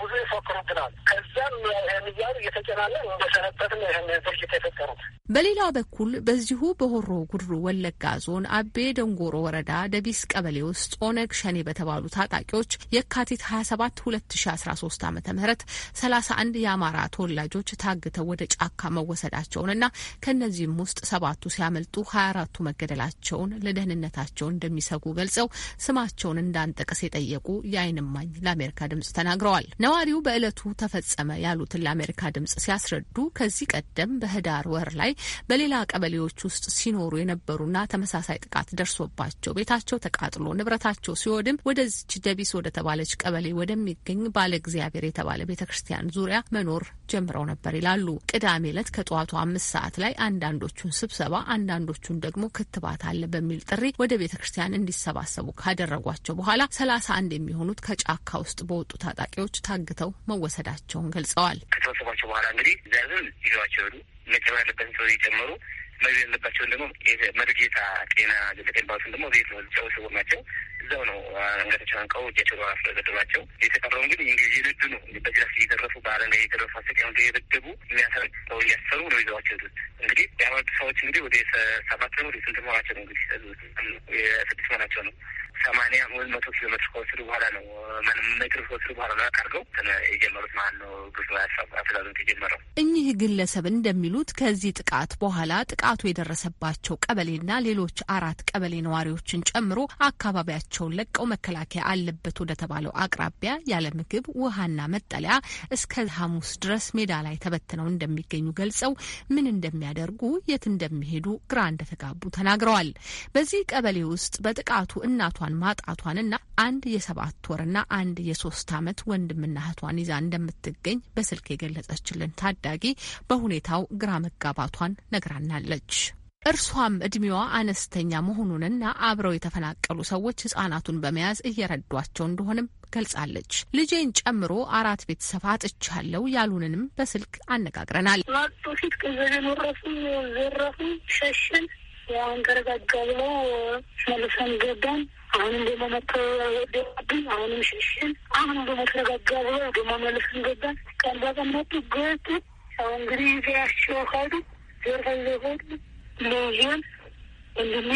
ብዙ ይፎክሩብናል። ከዛም ይህን እያሉ እየተጨናለን እንደሰነበትን ይህን ችግሮች የተፈጠሩት። በሌላ በኩል በዚሁ በሆሮ ጉድሩ ወለጋ ዞን አቤ ደንጎሮ ወረዳ ደቢስ ቀበሌ ውስጥ ኦነግ ሸኔ በተባሉ ታጣቂዎች የካቲት 27 2013 ዓ ም 31 የአማራ ተወላጆች ታግተው ወደ ጫካ መወሰዳቸውንና ከእነዚህም ውስጥ ሰባቱ ሲያመልጡ 24ቱ መገደላቸውን ለደህንነታቸው እንደሚሰጉ ገልጸው ስማቸውን እንዳንጠቅስ የጠየቁ የአይንማኝ እማኝ ለአሜሪካ ድምጽ ተናግረዋል። ነዋሪው በዕለቱ ተፈጸመ ያሉትን ለአሜሪካ ድምጽ ሲያስረዱ ከዚህ ቀደም በህዳር ወር ላይ በሌላ ቀበሌዎች ውስጥ ሲኖሩ የነበሩና ተመሳሳይ ጥቃት ደርሶባቸው ቤታቸው ተቃጥሎ ንብረታቸው ሲወድም ወደዚች ደቢስ ወደ ተባለች ቀበሌ ወደሚገኝ ባለ እግዚአብሔር የተባለ ቤተ ክርስቲያን ዙሪያ መኖር ጀምረው ነበር ይላሉ። ቅዳሜ ዕለት ከጠዋቱ አምስት ሰዓት ላይ አንዳንዶቹን ስብሰባ አንዳንዶቹን ደግሞ ክትባት አለ በሚል ጥሪ ወደ ቤተ ክርስቲያን እንዲሰባሰቡ ካደረጓቸው በኋላ ሰላሳ አንድ የሚሆኑት ከጫካ ውስጥ በወጡ ታጣቂዎች ታግተው መወሰዳቸውን ገልጸዋል። ከተሰባሰባቸው በኋላ እንግዲህ ይዟቸው መጨመር ያለበትን ሰው የጨመሩ መግብ ያለባቸውን ደግሞ መርጌታ ጤና የተቀባሉትን ደግሞ ቤት ነው ሰው ናቸው። እዛው ነው አንገታቸው አንቀው እጃቸው ራፍ የተቀረውን ግን እንግዲህ የልዱ ነው በጅራፍ እየተረፉ ላይ እየተረፉ አሰቂያ የበደቡ የሚያሰው እያሰሩ ነው ይዘዋቸው ዱት እንግዲህ የአመቱ ሰዎች እንግዲህ ወደ ሰባት ነው ወደ ስንት መሆናቸው ነው እንግዲህ ስድስት መሆናቸው ነው ሰማንያ ወይ መቶ ኪሎ ሜትር ከወሰዱ በኋላ ነው ሜትር ከወሰዱ በኋላ ነው ያቀርገው የጀመሩት ማለት ነው። ብዙ አስተዛዘት የጀመረው እኚህ ግለሰብ እንደሚሉት ከዚህ ጥቃት በኋላ ጥቃቱ የደረሰባቸው ቀበሌና ሌሎች አራት ቀበሌ ነዋሪዎችን ጨምሮ አካባቢያቸውን ለቀው መከላከያ አለበት ወደ ተባለው አቅራቢያ ያለ ምግብ ውሃና መጠለያ እስከ ሐሙስ ድረስ ሜዳ ላይ ተበትነው እንደሚገኙ ገልጸው ምን እንደሚያደርጉ የት እንደሚሄዱ ግራ እንደተጋቡ ተናግረዋል። በዚህ ቀበሌ ውስጥ በጥቃቱ እናቷን እናቷን ማጣቷንና አንድ የሰባት ወርና አንድ የሶስት ዓመት ወንድምና እህቷን ይዛ እንደምትገኝ በስልክ የገለጸችልን ታዳጊ በሁኔታው ግራ መጋባቷን ነግራናለች። እርሷም እድሜዋ አነስተኛ መሆኑንና አብረው የተፈናቀሉ ሰዎች ህጻናቱን በመያዝ እየረዷቸው እንደሆንም ገልጻለች። ልጄን ጨምሮ አራት ቤተሰብ አጥቻለሁ ያሉንንም በስልክ አነጋግረናል። ሸሽን ያሁን ተረጋጋ ብለው መልሰን ገባን። አሁንም ደግሞ መተው ደብኝ አሁንም ሽሽን አሁንም ደግሞ ተረጋጋ ብለው ደግሞ መልሰን ገባን። ቀን በቀን መጡ ገጡ። ያው እንግዲህ ያቸው ካዱ ዘርፈን ዘሆዱ ልጅን ወንድሜ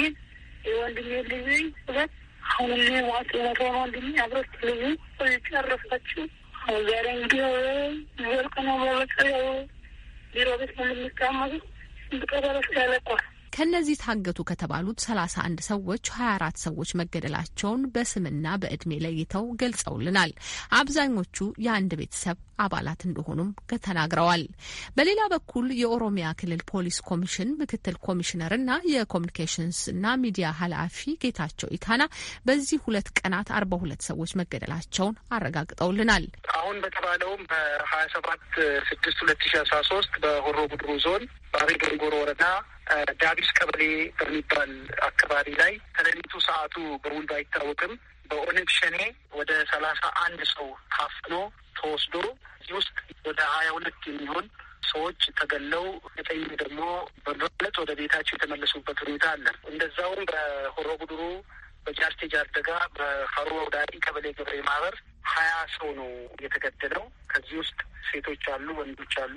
የወንድሜ ልጅ ሁለት አሁንም ሟት ሞተ ወንድሜ አብረት ልጅ ጨረሳችሁ። ዛሬ እንግዲህ ዘርቅ ነው በበቀ ቢሮ ቤት ነው የምንቀመጡ ስንት ቀበረስ ያለቋል ከነዚህ ታገቱ ከተባሉት 31 ሰዎች 24 ሰዎች መገደላቸውን በስምና በእድሜ ለይተው ገልጸውልናል። አብዛኞቹ የአንድ ቤተሰብ አባላት እንደሆኑም ተናግረዋል። በሌላ በኩል የኦሮሚያ ክልል ፖሊስ ኮሚሽን ምክትል ኮሚሽነርና የኮሚኒኬሽንስና ሚዲያ ኃላፊ ጌታቸው ኢታና በዚህ ሁለት ቀናት አርባ ሁለት ሰዎች መገደላቸውን አረጋግጠውልናል። አሁን በተባለውም በሀያ ሰባት ስድስት ሁለት ሺ አስራ ሶስት በሆሮ ጉድሩ ዞን ባቤ ጎንጎሮ ወረዳ ዳቢስ ቀበሌ በሚባል አካባቢ ላይ ከሌሊቱ ሰዓቱ በውል ባይታወቅም በኦነግ ሸኔ ወደ ሰላሳ አንድ ሰው ታፍኖ ተወስዶ እዚህ ውስጥ ወደ ሀያ ሁለት የሚሆን ሰዎች ተገለው ዘጠኝ ደግሞ በመለጥ ወደ ቤታቸው የተመለሱበት ሁኔታ አለ። እንደዛውም በሆሮ ጉድሩ፣ በጃርቴ ጃርደጋ፣ በፈሮ ዳሪ ቀበሌ ገብሬ ማህበር ሀያ ሰው ነው የተገደለው። ከዚህ ውስጥ ሴቶች አሉ፣ ወንዶች አሉ።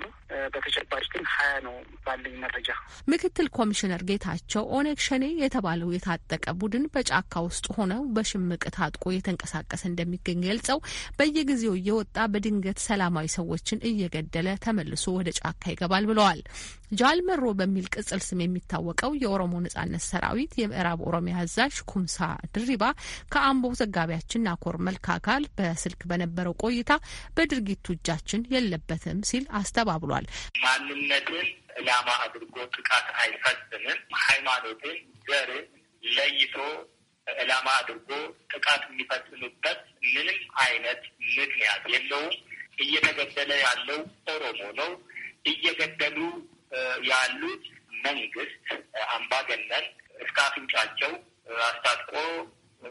በተጨባጭ ግን ሀያ ነው ባለኝ መረጃ። ምክትል ኮሚሽነር ጌታቸው ኦነግ ሸኔ የተባለው የታጠቀ ቡድን በጫካ ውስጥ ሆነው በሽምቅ ታጥቆ የተንቀሳቀሰ እንደሚገኝ ገልጸው በየጊዜው እየወጣ በድንገት ሰላማዊ ሰዎችን እየገደለ ተመልሶ ወደ ጫካ ይገባል ብለዋል። ጃልመሮ በሚል ቅጽል ስም የሚታወቀው የኦሮሞ ነጻነት ሰራዊት የምዕራብ ኦሮሚያ አዛዥ ኩምሳ ድሪባ ከአምቦ ዘጋቢያችን ናኮር መልካ ጋር በ በስልክ በነበረው ቆይታ በድርጊቱ እጃችን የለበትም ሲል አስተባብሏል። ማንነትን ዕላማ አድርጎ ጥቃት አይፈጽምም። ሃይማኖትን፣ ዘርን ለይቶ ዕላማ አድርጎ ጥቃት የሚፈጽምበት ምንም አይነት ምክንያት የለውም። እየተገደለ ያለው ኦሮሞ ነው። እየገደሉ ያሉት መንግስት አምባገነን እስከ አፍንጫቸው አስታጥቆ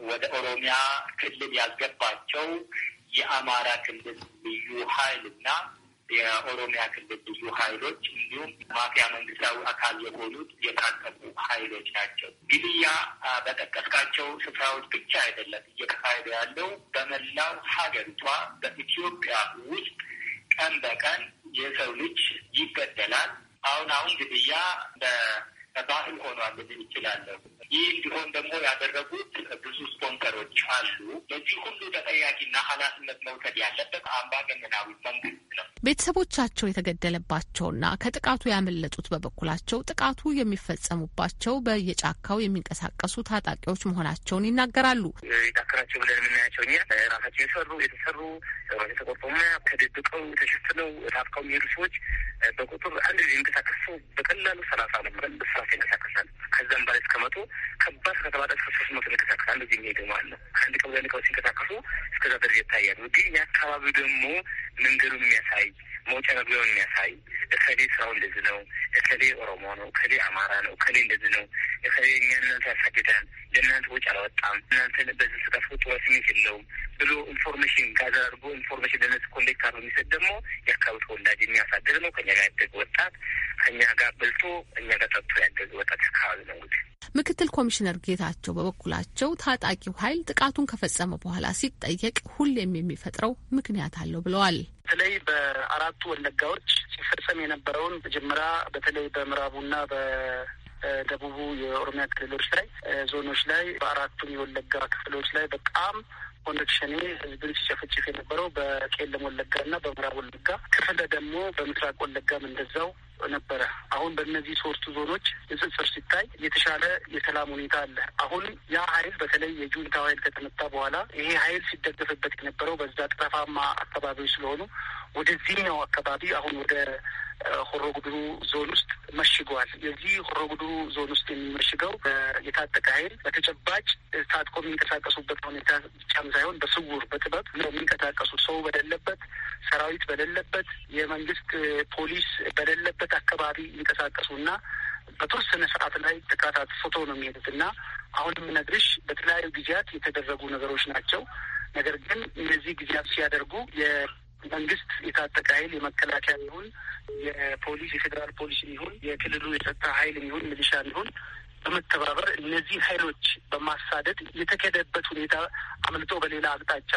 ወደ ኦሮሚያ ክልል ያልገባቸው የአማራ ክልል ልዩ ኃይል እና የኦሮሚያ ክልል ልዩ ኃይሎች እንዲሁም ማፊያ መንግስታዊ አካል የሆኑት የታጠቁ ኃይሎች ናቸው። ግድያ በጠቀስካቸው ስፍራዎች ብቻ አይደለም እየተካሄደ ያለው በመላው ሀገሪቷ በኢትዮጵያ ውስጥ ቀን በቀን የሰው ልጅ ይገደላል። አሁን አሁን ግድያ ባህል ሆኗል ልል ይችላለሁ። ይህ እንዲሆን ደግሞ ያደረጉት ብዙ ስፖንሰሮች አሉ። በዚህ ሁሉ ተጠያቂና ኃላፊነት መውሰድ ያለበት አምባገነናዊ መንግስት ነው። ቤተሰቦቻቸው የተገደለባቸውና ከጥቃቱ ያመለጡት በበኩላቸው ጥቃቱ የሚፈጸሙባቸው በየጫካው የሚንቀሳቀሱ ታጣቂዎች መሆናቸውን ይናገራሉ። የታከራቸው ብለን የምናያቸው እኛ ራሳቸው የሰሩ የተሰሩ ጸጉራቸው ተቆርጦ ማያ ተደብቀው ተሸፍነው ታጥቀው የሚሄዱ ሰዎች በቁጥር አንድ ጊዜ እንቀሳቀሰው በቀላሉ ሰላሳ ነው ሰላሳ ይንቀሳቀሳል። ከዛም በላይ እስከ መቶ ከባድ ከተባለ እስከ ሶስት መቶ ይንቀሳቀሳል። አንድ ጊዜ የሚሄደው ማለት ነው። አንድ ቀበሌ ንቀው ሲንቀሳቀሱ እስከዛ ደረጃ ይታያሉ። ግን የአካባቢው ደግሞ መንገዱን የሚያሳይ መውጫ መግቢያውን የሚያሳይ እከሌ ስራው እንደዚህ ነው፣ እከሌ ኦሮሞ ነው፣ እከሌ አማራ ነው፣ እከሌ እንደዚህ ነው፣ እከሌ እኛ እናንተ ያሳግዳል፣ ለእናንተ ውጭ አላወጣም፣ እናንተ በዚህ ስጋት ውጭ ስሜት የለውም ብሎ ኢንፎርሜሽን ጋዘር አድርጎ ኢንፎርሜሽን ለነሱ ኮሌክት አርጎ የሚሰጥ ደግሞ የአካባቢ ተወላጅ የሚያሳድር ነው። ከኛ ጋር ያደገ ወጣት ከኛ ጋር በልቶ እኛ ጋር ጠጥቶ ያደገ ወጣት አካባቢ ነው። እንግዲህ ምክትል ኮሚሽነር ጌታቸው በበኩላቸው ታጣቂው ኃይል ጥቃቱን ከፈጸመ በኋላ ሲጠየቅ ሁሌም የሚፈጥረው ምክንያት አለው ብለዋል። በተለይ በአራቱ ወለጋዎች ሲፈጸም የነበረውን መጀመሪያ በተለይ በምዕራቡና በ ደቡቡ የኦሮሚያ ክልሎች ላይ ዞኖች ላይ በአራቱም የወለጋ ክፍሎች ላይ በጣም ወንዶች ሸኔ ህዝብን ሲጨፈጭፍ የነበረው በቄለም ወለጋ እና በምዕራብ ወለጋ ክፍለ ደግሞ በምስራቅ ወለጋም እንደዛው ነበረ። አሁን በእነዚህ ሶስቱ ዞኖች ንጽጽር ሲታይ የተሻለ የሰላም ሁኔታ አለ። አሁን ያ ኃይል በተለይ የጁንታው ኃይል ከተመታ በኋላ ይሄ ኃይል ሲደገፍበት የነበረው በዛ ጠረፋማ አካባቢዎች ስለሆኑ ወደዚህኛው አካባቢ አሁን ወደ ሆሮ ጉድሩ ዞን ውስጥ መሽጓል። የዚህ ሆሮ ጉድሩ ዞን ውስጥ የሚመሽገው የታጠቀ ኃይል በተጨባጭ ታጥቆ የሚንቀሳቀሱበት ሁኔታ ብቻም ሳይሆን በስውር በጥበብ ነው ሰው በሌለበት፣ ሰራዊት በሌለበት፣ የመንግስት ፖሊስ በሌለበት ቤት አካባቢ ይንቀሳቀሱ እና በተወሰነ ሰዓት ላይ ጥቃት አጥፍቶ ነው የሚሄዱት እና አሁን የምነግርሽ በተለያዩ ጊዜያት የተደረጉ ነገሮች ናቸው። ነገር ግን እነዚህ ጊዜያት ሲያደርጉ የመንግስት የታጠቀ ኃይል የመከላከያ ይሁን የፖሊስ የፌዴራል ፖሊስ ይሁን የክልሉ የጸጥታ ኃይል ይሁን ሚሊሻ ይሁን በመተባበር እነዚህ ኃይሎች በማሳደድ የተካሄደበት ሁኔታ አምልጦ በሌላ አቅጣጫ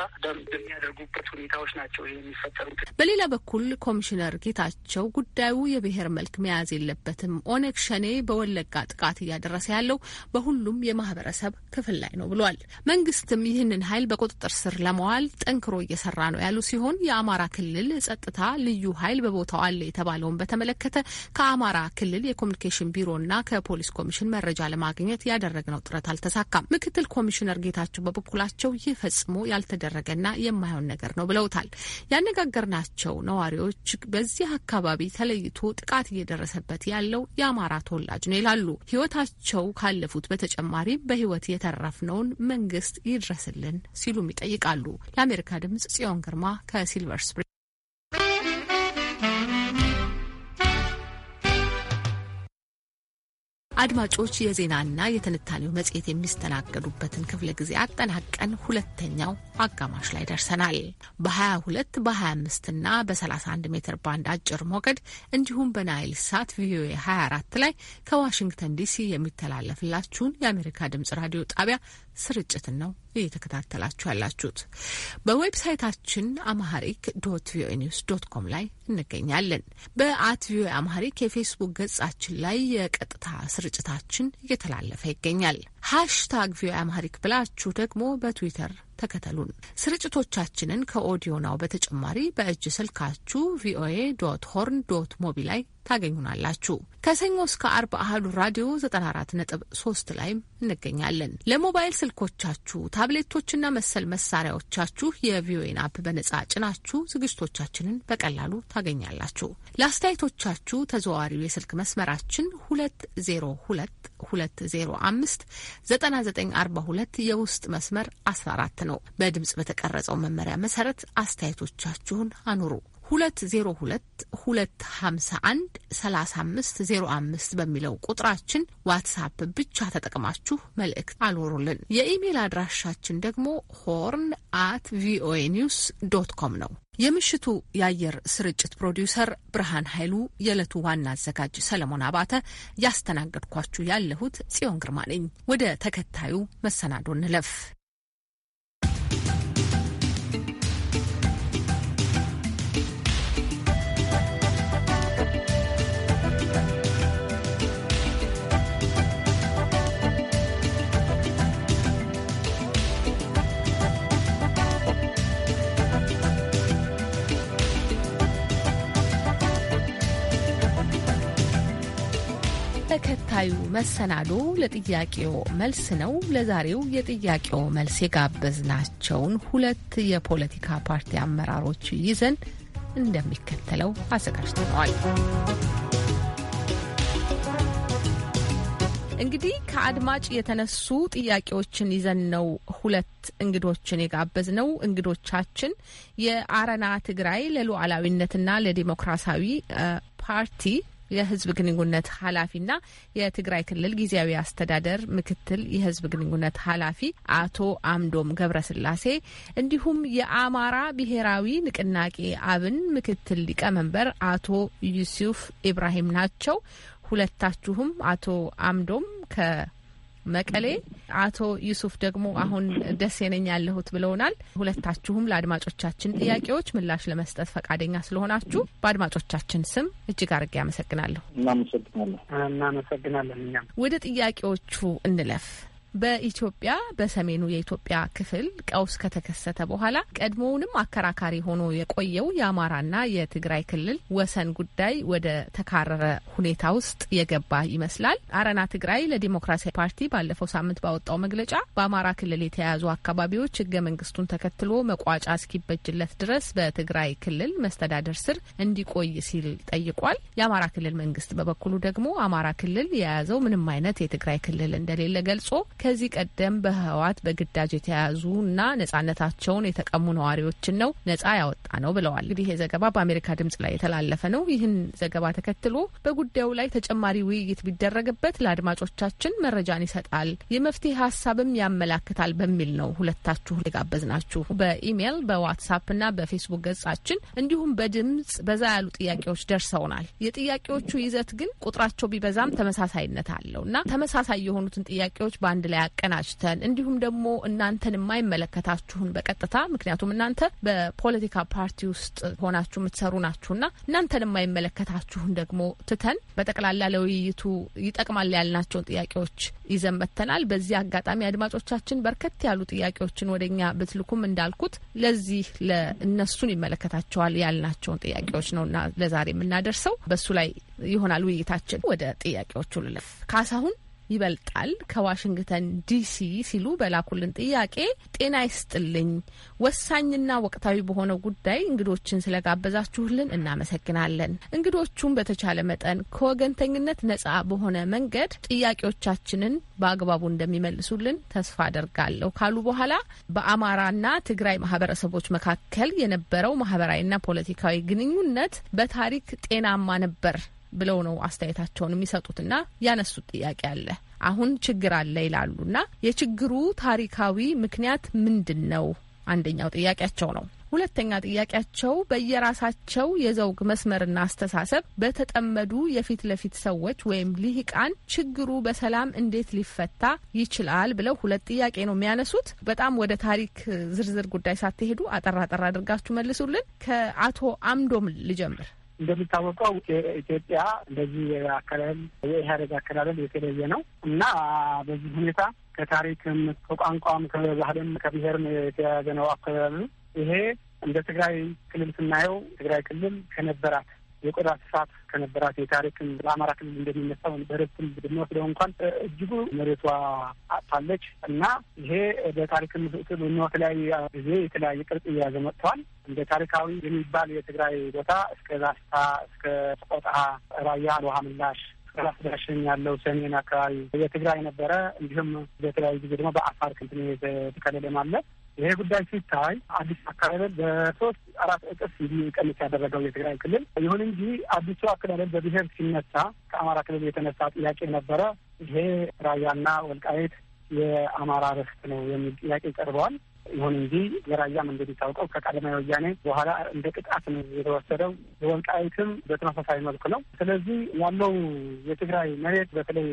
በሚያደርጉበት ሁኔታዎች ናቸው የሚፈጠሩት። በሌላ በኩል ኮሚሽነር ጌታቸው ጉዳዩ የብሔር መልክ መያዝ የለበትም፣ ኦነግ ሸኔ በወለጋ ጥቃት እያደረሰ ያለው በሁሉም የማህበረሰብ ክፍል ላይ ነው ብሏል። መንግስትም ይህንን ኃይል በቁጥጥር ስር ለመዋል ጠንክሮ እየሰራ ነው ያሉ ሲሆን የአማራ ክልል ጸጥታ ልዩ ኃይል በቦታው አለ የተባለውን በተመለከተ ከአማራ ክልል የኮሚኒኬሽን ቢሮና ከፖሊስ ኮሚሽን መረጃ መረጃ ለማግኘት ያደረግነው ጥረት አልተሳካም። ምክትል ኮሚሽነር ጌታቸው በበኩላቸው ይህ ፈጽሞ ያልተደረገና የማይሆን ነገር ነው ብለውታል። ያነጋገርናቸው ነዋሪዎች በዚህ አካባቢ ተለይቶ ጥቃት እየደረሰበት ያለው የአማራ ተወላጅ ነው ይላሉ። ህይወታቸው ካለፉት በተጨማሪም በህይወት የተረፍነውን መንግስት ይድረስልን ሲሉም ይጠይቃሉ። ለአሜሪካ ድምጽ ጽዮን ግርማ ከሲልቨር ስፕሪንግ አድማጮች፣ የዜናና የትንታኔው መጽሔት የሚስተናገዱበትን ክፍለ ጊዜ አጠናቀን ሁለተኛው አጋማሽ ላይ ደርሰናል። በ22 በ25 እና በ31 ሜትር ባንድ አጭር ሞገድ እንዲሁም በናይል ሳት ቪኦኤ 24 ላይ ከዋሽንግተን ዲሲ የሚተላለፍላችሁን የአሜሪካ ድምጽ ራዲዮ ጣቢያ ስርጭትን ነው እየተከታተላችሁ ያላችሁት። በዌብሳይታችን አማሐሪክ ዶት ቪኦኤ ኒውስ ዶት ኮም ላይ እንገኛለን። በአት ቪኦኤ አማሐሪክ የፌስቡክ ገጻችን ላይ የቀጥታ ስርጭታችን እየተላለፈ ይገኛል። ሃሽታግ ቪኦኤ አማሐሪክ ብላችሁ ደግሞ በትዊተር ተከተሉን። ስርጭቶቻችንን ከኦዲዮ ናው በተጨማሪ በእጅ ስልካችሁ ቪኦኤ ዶት ሆርን ዶት ሞቢ ላይ ታገኙናላችሁ። ከሰኞ እስከ አርብ አህዱ ራዲዮ 94.3 ላይም እንገኛለን። ለሞባይል ስልኮቻችሁ ታብሌቶችና መሰል መሳሪያዎቻችሁ የቪኦኤን አፕ በነጻ ጭናችሁ ዝግጅቶቻችንን በቀላሉ ታገኛላችሁ። ለአስተያየቶቻችሁ ተዘዋዋሪው የስልክ መስመራችን 2022059942 የውስጥ መስመር 14 ነው። በድምጽ በተቀረጸው መመሪያ መሰረት አስተያየቶቻችሁን አኑሩ። 2022513505 በሚለው ቁጥራችን ዋትሳፕ ብቻ ተጠቅማችሁ መልእክት አልወሩልን። የኢሜል አድራሻችን ደግሞ ሆርን አት ቪኦኤ ኒውስ ዶት ኮም ነው። የምሽቱ የአየር ስርጭት ፕሮዲውሰር ብርሃን ኃይሉ፣ የዕለቱ ዋና አዘጋጅ ሰለሞን አባተ፣ ያስተናገድኳችሁ ያለሁት ጽዮን ግርማ ነኝ። ወደ ተከታዩ መሰናዶ እንለፍ። ተከታዩ መሰናዶ ለጥያቄው መልስ ነው። ለዛሬው የጥያቄው መልስ የጋበዝናቸውን ሁለት የፖለቲካ ፓርቲ አመራሮች ይዘን እንደሚከተለው አዘጋጅተነዋል። እንግዲህ ከአድማጭ የተነሱ ጥያቄዎችን ይዘን ነው ሁለት እንግዶችን የጋበዝ ነው። እንግዶቻችን የአረና ትግራይ ለሉዓላዊነትና ለዲሞክራሲያዊ ፓርቲ የህዝብ ግንኙነት ኃላፊና የትግራይ ክልል ጊዜያዊ አስተዳደር ምክትል የህዝብ ግንኙነት ኃላፊ አቶ አምዶም ገብረስላሴ እንዲሁም የአማራ ብሔራዊ ንቅናቄ አብን ምክትል ሊቀመንበር አቶ ዩሱፍ ኢብራሂም ናቸው። ሁለታችሁም አቶ አምዶም ከ መቀሌ፣ አቶ ዩሱፍ ደግሞ አሁን ደሴ ነኝ ያለሁት ብለውናል። ሁለታችሁም ለአድማጮቻችን ጥያቄዎች ምላሽ ለመስጠት ፈቃደኛ ስለሆናችሁ በአድማጮቻችን ስም እጅግ አድርጌ አመሰግናለሁ። እናመሰግናለን። እናመሰግናለን። እኛም ወደ ጥያቄዎቹ እንለፍ። በኢትዮጵያ በሰሜኑ የኢትዮጵያ ክፍል ቀውስ ከተከሰተ በኋላ ቀድሞውንም አከራካሪ ሆኖ የቆየው የአማራና የትግራይ ክልል ወሰን ጉዳይ ወደ ተካረረ ሁኔታ ውስጥ የገባ ይመስላል። አረና ትግራይ ለዲሞክራሲያዊ ፓርቲ ባለፈው ሳምንት ባወጣው መግለጫ በአማራ ክልል የተያያዙ አካባቢዎች ህገ መንግስቱን ተከትሎ መቋጫ እስኪበጅለት ድረስ በትግራይ ክልል መስተዳደር ስር እንዲቆይ ሲል ጠይቋል። የአማራ ክልል መንግስት በበኩሉ ደግሞ አማራ ክልል የያዘው ምንም አይነት የትግራይ ክልል እንደሌለ ገልጾ ከዚህ ቀደም በህወሓት በግዳጅ የተያዙና ነጻነታቸውን የተቀሙ ነዋሪዎችን ነው ነጻ ያወጣ ነው ብለዋል። እንግዲህ ይህ ዘገባ በአሜሪካ ድምጽ ላይ የተላለፈ ነው። ይህን ዘገባ ተከትሎ በጉዳዩ ላይ ተጨማሪ ውይይት ቢደረግበት ለአድማጮቻችን መረጃን ይሰጣል፣ የመፍትሄ ሀሳብም ያመላክታል በሚል ነው ሁለታችሁ የጋበዝናችሁ። በኢሜይል በዋትሳፕና በፌስቡክ ገጻችን እንዲሁም በድምጽ በዛ ያሉ ጥያቄዎች ደርሰውናል። የጥያቄዎቹ ይዘት ግን ቁጥራቸው ቢበዛም ተመሳሳይነት አለው እና ተመሳሳይ የሆኑትን ጥያቄዎች በአንድ ላይ ላይ አቀናጅተን እንዲሁም ደግሞ እናንተን የማይመለከታችሁን በቀጥታ ምክንያቱም እናንተ በፖለቲካ ፓርቲ ውስጥ ሆናችሁ የምትሰሩ ናችሁና እናንተን የማይመለከታችሁን ደግሞ ትተን በጠቅላላ ለውይይቱ ይጠቅማል ያልናቸውን ጥያቄዎች ይዘን መጥተናል። በዚህ አጋጣሚ አድማጮቻችን በርከት ያሉ ጥያቄዎችን ወደኛ ብትልኩም እንዳልኩት ለዚህ ለእነሱን ይመለከታቸዋል ያልናቸውን ጥያቄዎች ነውና ለዛሬ የምናደርሰው በሱ ላይ ይሆናል ውይይታችን። ወደ ጥያቄዎቹ ልለፍ። ካሳሁን ይበልጣል ከዋሽንግተን ዲሲ ሲሉ በላኩልን ጥያቄ ጤና ይስጥልኝ። ወሳኝና ወቅታዊ በሆነው ጉዳይ እንግዶችን ስለጋበዛችሁልን እናመሰግናለን። እንግዶቹም በተቻለ መጠን ከወገንተኝነት ነጻ በሆነ መንገድ ጥያቄዎቻችንን በአግባቡ እንደሚመልሱልን ተስፋ አደርጋለሁ ካሉ በኋላ በአማራና ትግራይ ማህበረሰቦች መካከል የነበረው ማህበራዊና ፖለቲካዊ ግንኙነት በታሪክ ጤናማ ነበር ብለው ነው አስተያየታቸውን የሚሰጡትና ያነሱት ጥያቄ አለ። አሁን ችግር አለ ይላሉና የችግሩ ታሪካዊ ምክንያት ምንድን ነው? አንደኛው ጥያቄያቸው ነው። ሁለተኛ ጥያቄያቸው በየራሳቸው የዘውግ መስመርና አስተሳሰብ በተጠመዱ የፊት ለፊት ሰዎች ወይም ልሂቃን ችግሩ በሰላም እንዴት ሊፈታ ይችላል ብለው ሁለት ጥያቄ ነው የሚያነሱት። በጣም ወደ ታሪክ ዝርዝር ጉዳይ ሳትሄዱ አጠራ አጠራ አድርጋችሁ መልሱልን። ከአቶ አምዶም ልጀምር። እንደሚታወቀው ኢትዮጵያ እንደዚህ አከላለል የኢህአዴግ አከላለል የተለየ ነው እና በዚህ ሁኔታ ከታሪክም ከቋንቋም ከባህልም ከብሔርም የተያያዘ ነው አከላለሉ። ይሄ እንደ ትግራይ ክልል ስናየው ትግራይ ክልል ከነበራት የቆዳ ስፋት ከነበራት የታሪክም ለአማራ ክልል እንደሚነሳው በርትም ብንወስደው እንኳን እጅጉ መሬቷ አጥታለች እና ይሄ በታሪክም ስሉኖ የተለያዩ ጊዜ የተለያየ ቅርጽ እየያዘ መጥተዋል። እንደ ታሪካዊ የሚባል የትግራይ ቦታ እስከ ዛስታ፣ እስከ ቆጣ፣ ራያ አልውሃ ምላሽ ራስዳሽን ያለው ሰሜን አካባቢ የትግራይ ነበረ። እንዲሁም በተለያዩ ጊዜ ደግሞ በአፋር ክንትን የተከለለም አለ። ይሄ ጉዳይ ሲታይ አዲስ አካባቢ በሶስት አራት እጥፍ እንዲቀንስ ያደረገው የትግራይ ክልል ይሁን እንጂ አዲሱ አካዳደል በብሔር ሲነሳ ከአማራ ክልል የተነሳ ጥያቄ ነበረ። ይሄ ራያና ወልቃይት የአማራ ርስት ነው የሚል ጥያቄ ቀርበዋል። ይሁን እንጂ የራያም እንደሚታወቀው ከቀዳማዊ ወያኔ በኋላ እንደ ቅጣት ነው የተወሰደው። የወልቃይትም በተመሳሳይ መልኩ ነው። ስለዚህ ያለው የትግራይ መሬት በተለይ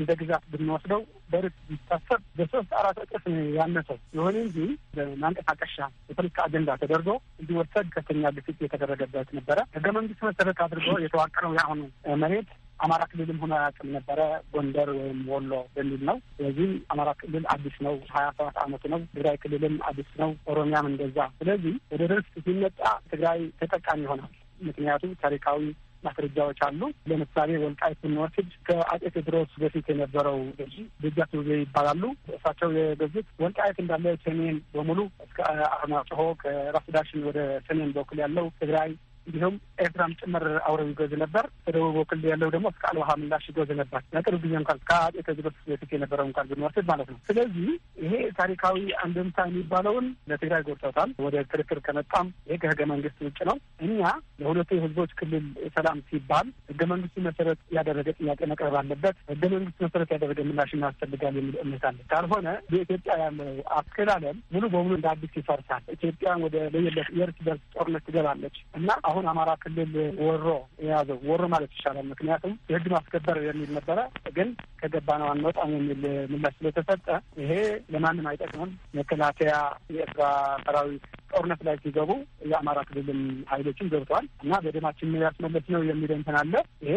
እንደ ግዛት ብንወስደው በርስ ቢታሰብ በሶስት አራት እጥፍ ያነሰው። ይሁን እንጂ በማንቀሳቀሻ የፖለቲካ አጀንዳ ተደርጎ እንዲወሰድ ከፍተኛ ግፊት የተደረገበት ነበረ። ህገ መንግስት መሰረት አድርጎ የተዋቀረው የአሁኑ መሬት አማራ ክልልም ሆኖ አያውቅም ነበረ ጎንደር ወይም ወሎ በሚል ነው። ስለዚህ አማራ ክልል አዲስ ነው፣ ሀያ ሰባት አመቱ ነው። ትግራይ ክልልም አዲስ ነው፣ ኦሮሚያም እንደዛ። ስለዚህ ወደ ደርስ ሲመጣ ትግራይ ተጠቃሚ ይሆናል። ምክንያቱም ታሪካዊ ማስረጃዎች አሉ። ለምሳሌ ወልቃይት ስንወስድ ከአጤ ቴዎድሮስ በፊት የነበረው ገዢ ደጃቱ ውቤ ይባላሉ። እሳቸው የገዙት ወልቃይት እንዳለ ሰሜን በሙሉ እስከ አርማጭሆ ከራስ ዳሽን ወደ ሰሜን በኩል ያለው ትግራይ እንዲሁም ኤርትራም ጭምር አውረው ይጓዝ ነበር። በደቡብ በኩል ያለው ደግሞ እስከ አልባሀ ምላሽ ይጓዝ ነበር። ነጥብ ብዬ እንኳን ከአጤ በፊት በፊት የነበረውን እንኳን ብንወስድ ማለት ነው። ስለዚህ ይሄ ታሪካዊ አንድምታ የሚባለውን ለትግራይ ጎድቶታል። ወደ ክርክር ከመጣም ይሄ ከህገ መንግስት ውጭ ነው። እኛ ለሁለቱ የህዝቦች ክልል ሰላም ሲባል ህገ መንግስቱ መሰረት ያደረገ ጥያቄ መቅረብ አለበት። ህገ መንግስቱ መሰረት ያደረገ ምላሽ እናስፈልጋል የሚል እምነት አለ። ካልሆነ በኢትዮጵያ ያለው አስከላለም ሙሉ በሙሉ እንደ አዲስ ይፈርሳል። ኢትዮጵያ ወደ ለየለት የእርስ በርስ ጦርነት ትገባለች እና አሁን አማራ ክልል ወሮ የያዘው ወሮ ማለት ይሻላል። ምክንያቱም የህግ ማስከበር የሚል ነበረ፣ ግን ከገባ ነው አንወጣም የሚል ምላሽ ስለተሰጠ ይሄ ለማንም አይጠቅምም። መከላከያ የኤርትራ ሰራዊት ጦርነት ላይ ሲገቡ የአማራ ክልልም ሀይሎችም ገብተዋል እና በደማችን ነው ያስመለስ ነው የሚል እንትን አለ። ይሄ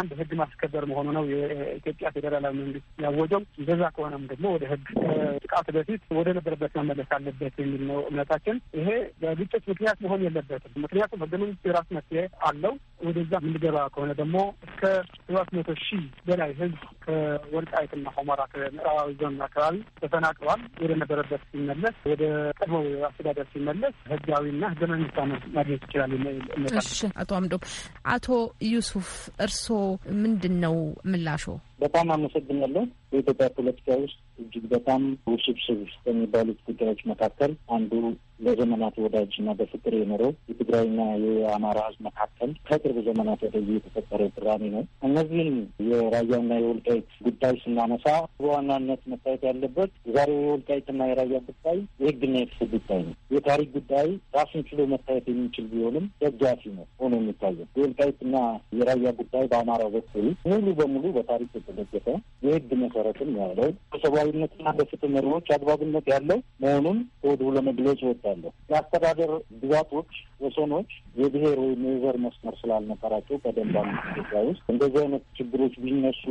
አንድ ህግ ማስከበር መሆኑ ነው የኢትዮጵያ ፌዴራላዊ መንግስት ያወጀው። እንደዛ ከሆነም ደግሞ ወደ ህግ ጥቃት በፊት ወደ ነበረበት መመለስ አለበት የሚል ነው እምነታችን። ይሄ በግጭት ምክንያት መሆን የለበትም። ምክንያቱም ህገ መንግስት የራስ መፍትሄ አለው። ወደዛ የምንገባ ከሆነ ደግሞ እስከ ሰባት መቶ ሺህ በላይ ህዝብ ከወልቃይትና ሆመራ ከምዕራባዊ ዞን አካባቢ ተፈናቅሏል። ወደ ነበረበት ሲመለስ፣ ወደ ቀድሞ አስተዳደር ሲመለስ ህጋዊና ህገ መንግስት ማግኘት ይችላል። እሺ፣ አቶ አምዶ አቶ ዩሱፍ እርስዎ ምንድን ነው ምላሾ? በጣም አመሰግናለሁ። በኢትዮጵያ ፖለቲካ ውስጥ እጅግ በጣም ውስብስብ ከሚባሉት ጉዳዮች መካከል አንዱ ለዘመናት ወዳጅ እና በፍቅር የኖረው የትግራይና የአማራ ሕዝብ መካከል ከቅርብ ዘመናት ወደዚህ የተፈጠረ ድራሜ ነው። እነዚህም የራያና የወልቃይት ጉዳይ ስናነሳ በዋናነት መታየት ያለበት ዛሬው የወልቃይትና የራያ ጉዳይ የሕግና የፍትህ ጉዳይ ነው። የታሪክ ጉዳይ ራሱን ችሎ መታየት የሚችል ቢሆንም ደጋፊ ነው ሆኖ የሚታየው የወልቃይትና የራያ ጉዳይ በአማራው በኩል ሙሉ በሙሉ በታሪክ የተደገፈ የህግ መሰረትም ያለው በሰብአዊነትና በፍትህ መሪዎች አግባብነት ያለው መሆኑን ከወዲሁ ለመግለጽ እወዳለሁ። የአስተዳደር ግዛቶች፣ ወሰኖች የብሔር ወይም የዘር መስመር ስላልነበራቸው በደንብ ኢትዮጵያ ውስጥ እንደዚህ አይነት ችግሮች ቢነሱ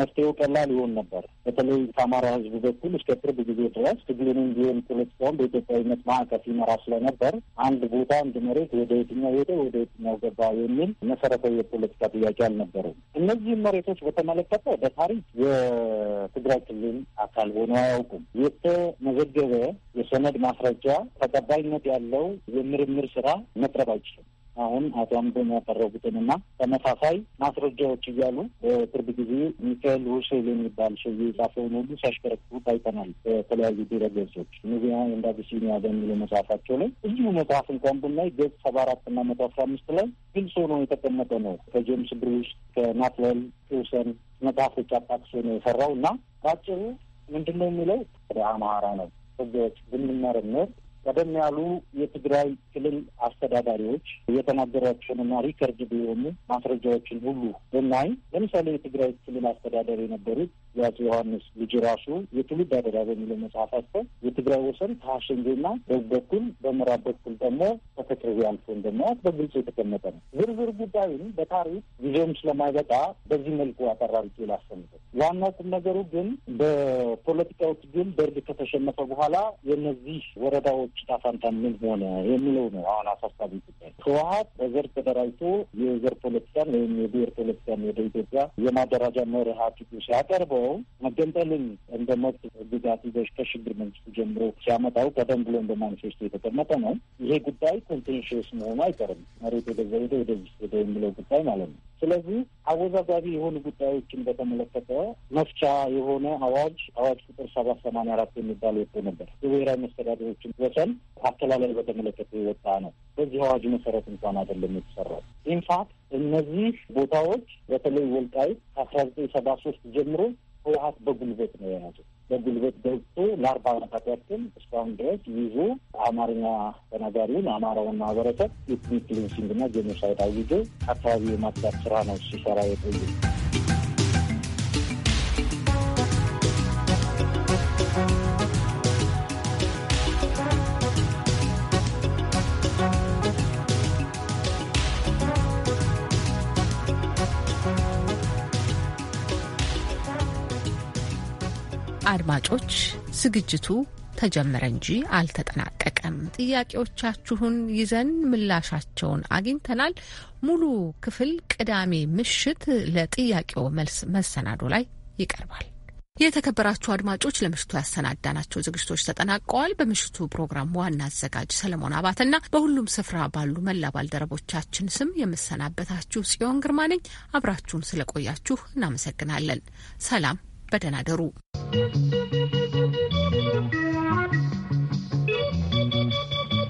መፍትሄው ቀላል ይሆን ነበር። በተለይ ከአማራ ህዝብ በኩል እስከ ቅርብ ጊዜ ድረስ ትግሉንም ቢሆን ፖለቲካውን በኢትዮጵያዊነት ማዕቀፍ ይመራ ስለነበር አንድ ቦታ አንድ መሬት ወደ የትኛው ሄደ ወደ የትኛው ገባ የሚል መሰረታዊ የፖለቲካ ጥያቄ አልነበረም። እነዚህም መሬቶች በተመለከተ በታሪክ የትግራይ ክልል አካል ሆኖ አያውቁም። የተመዘገበ የሰነድ ማስረጃ ተቀባይነት ያለው የምርምር ስራ መቅረብ አይችልም። አሁን አቶ አምዶም ያቀረቡትንና ተመሳሳይ ማስረጃዎች እያሉ በቅርብ ጊዜ ሚካኤል ሁሴል የሚባል ሰው የጻፈውን ሁሉ ሲያሽከረክሩ ታይተናል። በተለያዩ ድረገጾች ኑቢያ እንደ አቢሲኒያ በሚለው መጽሐፋቸው ላይ እዚሁ መጽሐፍ እንኳን ብናይ ገጽ ሰባ አራት እና መቶ አስራ አምስት ላይ ግልጽ ሆኖ የተቀመጠ ነው። ከጄምስ ብሩስ ከናትዌል ፒውሰን መጽሐፎች አጣቅሶ ነው የሰራው እና በአጭሩ ምንድን ነው የሚለው ወደ አማራ ነው ህገወጥ ብንመረምር ቀደም ያሉ የትግራይ ክልል አስተዳዳሪዎች የተናገሯቸውንና ሪከርድ ቢሆኑ ማስረጃዎችን ሁሉ ብናይ ለምሳሌ የትግራይ ክልል አስተዳደር የነበሩት ያጽ ዮሐንስ ልጅ ራሱ የትውልድ አደራ በሚለው መጽሐፋቸው የትግራይ ወሰን ከሀሸንጌና በዚህ በኩል በምዕራብ በኩል ደግሞ ተፈክርቢ አልፎ እንደማያት በግልጽ የተቀመጠ ነው። ዝርዝር ጉዳዩን በታሪክ ጊዜውም ስለማይበቃ በዚህ መልኩ አጠራርጌ ላሰምጠው። ዋናው ቁም ነገሩ ግን በፖለቲካው ትግል ደርግ ከተሸነፈ በኋላ የነዚህ ወረዳዎች እጣ ፈንታ ምን ሆነ የሚለው ነው አሁን አሳሳቢ ጉዳይ። ህወሀት በዘር ተደራጅቶ የዘር ፖለቲካን ወይም የብሔር ፖለቲካን ወደ ኢትዮጵያ የማደራጃ መርህ አድርጎ ሲያቀርበው መገንጠልን እንደ መብት ግዛት ይዘሽ ከሽግግር መንግስቱ ጀምሮ ሲያመጣው ቀደም ብሎ እንደ ማኒፌስቶ የተቀመጠ ነው። ይሄ ጉዳይ ኮንቴንሽስ መሆኑ አይቀርም። መሬት ወደዛ ሄደ ወደዚህ ሄደ የሚለው ጉዳይ ማለት ነው። ስለዚህ አወዛጋቢ የሆኑ ጉዳዮችን በተመለከተ መፍቻ የሆነ አዋጅ አዋጅ ቁጥር ሰባት ሰማንያ አራት የሚባል ወጥቶ ነበር። የብሔራዊ መስተዳደሮችን ወሰን አስተላለል በተመለከተ የወጣ ነው። በዚህ አዋጅ መሰረት እንኳን አይደለም የተሰራው። ኢንፋክት እነዚህ ቦታዎች በተለይ ወልቃይት ከአስራ ዘጠኝ ሰባ ሶስት ጀምሮ ህወሀት በጉልበት ነው የያዙት። በጉልበት ገብቶ ለአርባ ዓመታት ያክል እስካሁን ድረስ ይዞ አማርኛ ተናጋሪውን አማራውን ማህበረሰብ ኢትኒክ ክሊንሲንግ እና ጄኖሳይድ አውጆ አካባቢ የማጽዳት ስራ ነው ሲሰራ የቆየ አድማጮች ዝግጅቱ ተጀመረ እንጂ አልተጠናቀቀም። ጥያቄዎቻችሁን ይዘን ምላሻቸውን አግኝተናል። ሙሉ ክፍል ቅዳሜ ምሽት ለጥያቄው መልስ መሰናዶ ላይ ይቀርባል። የተከበራችሁ አድማጮች ለምሽቱ ያሰናዳናቸው ዝግጅቶች ተጠናቀዋል። በምሽቱ ፕሮግራም ዋና አዘጋጅ ሰለሞን አባትና በሁሉም ስፍራ ባሉ መላ ባልደረቦቻችን ስም የምሰናበታችሁ ጽዮን ግርማ ነኝ። አብራችሁን ስለቆያችሁ እናመሰግናለን። ሰላም፣ በደህና ደሩ። Música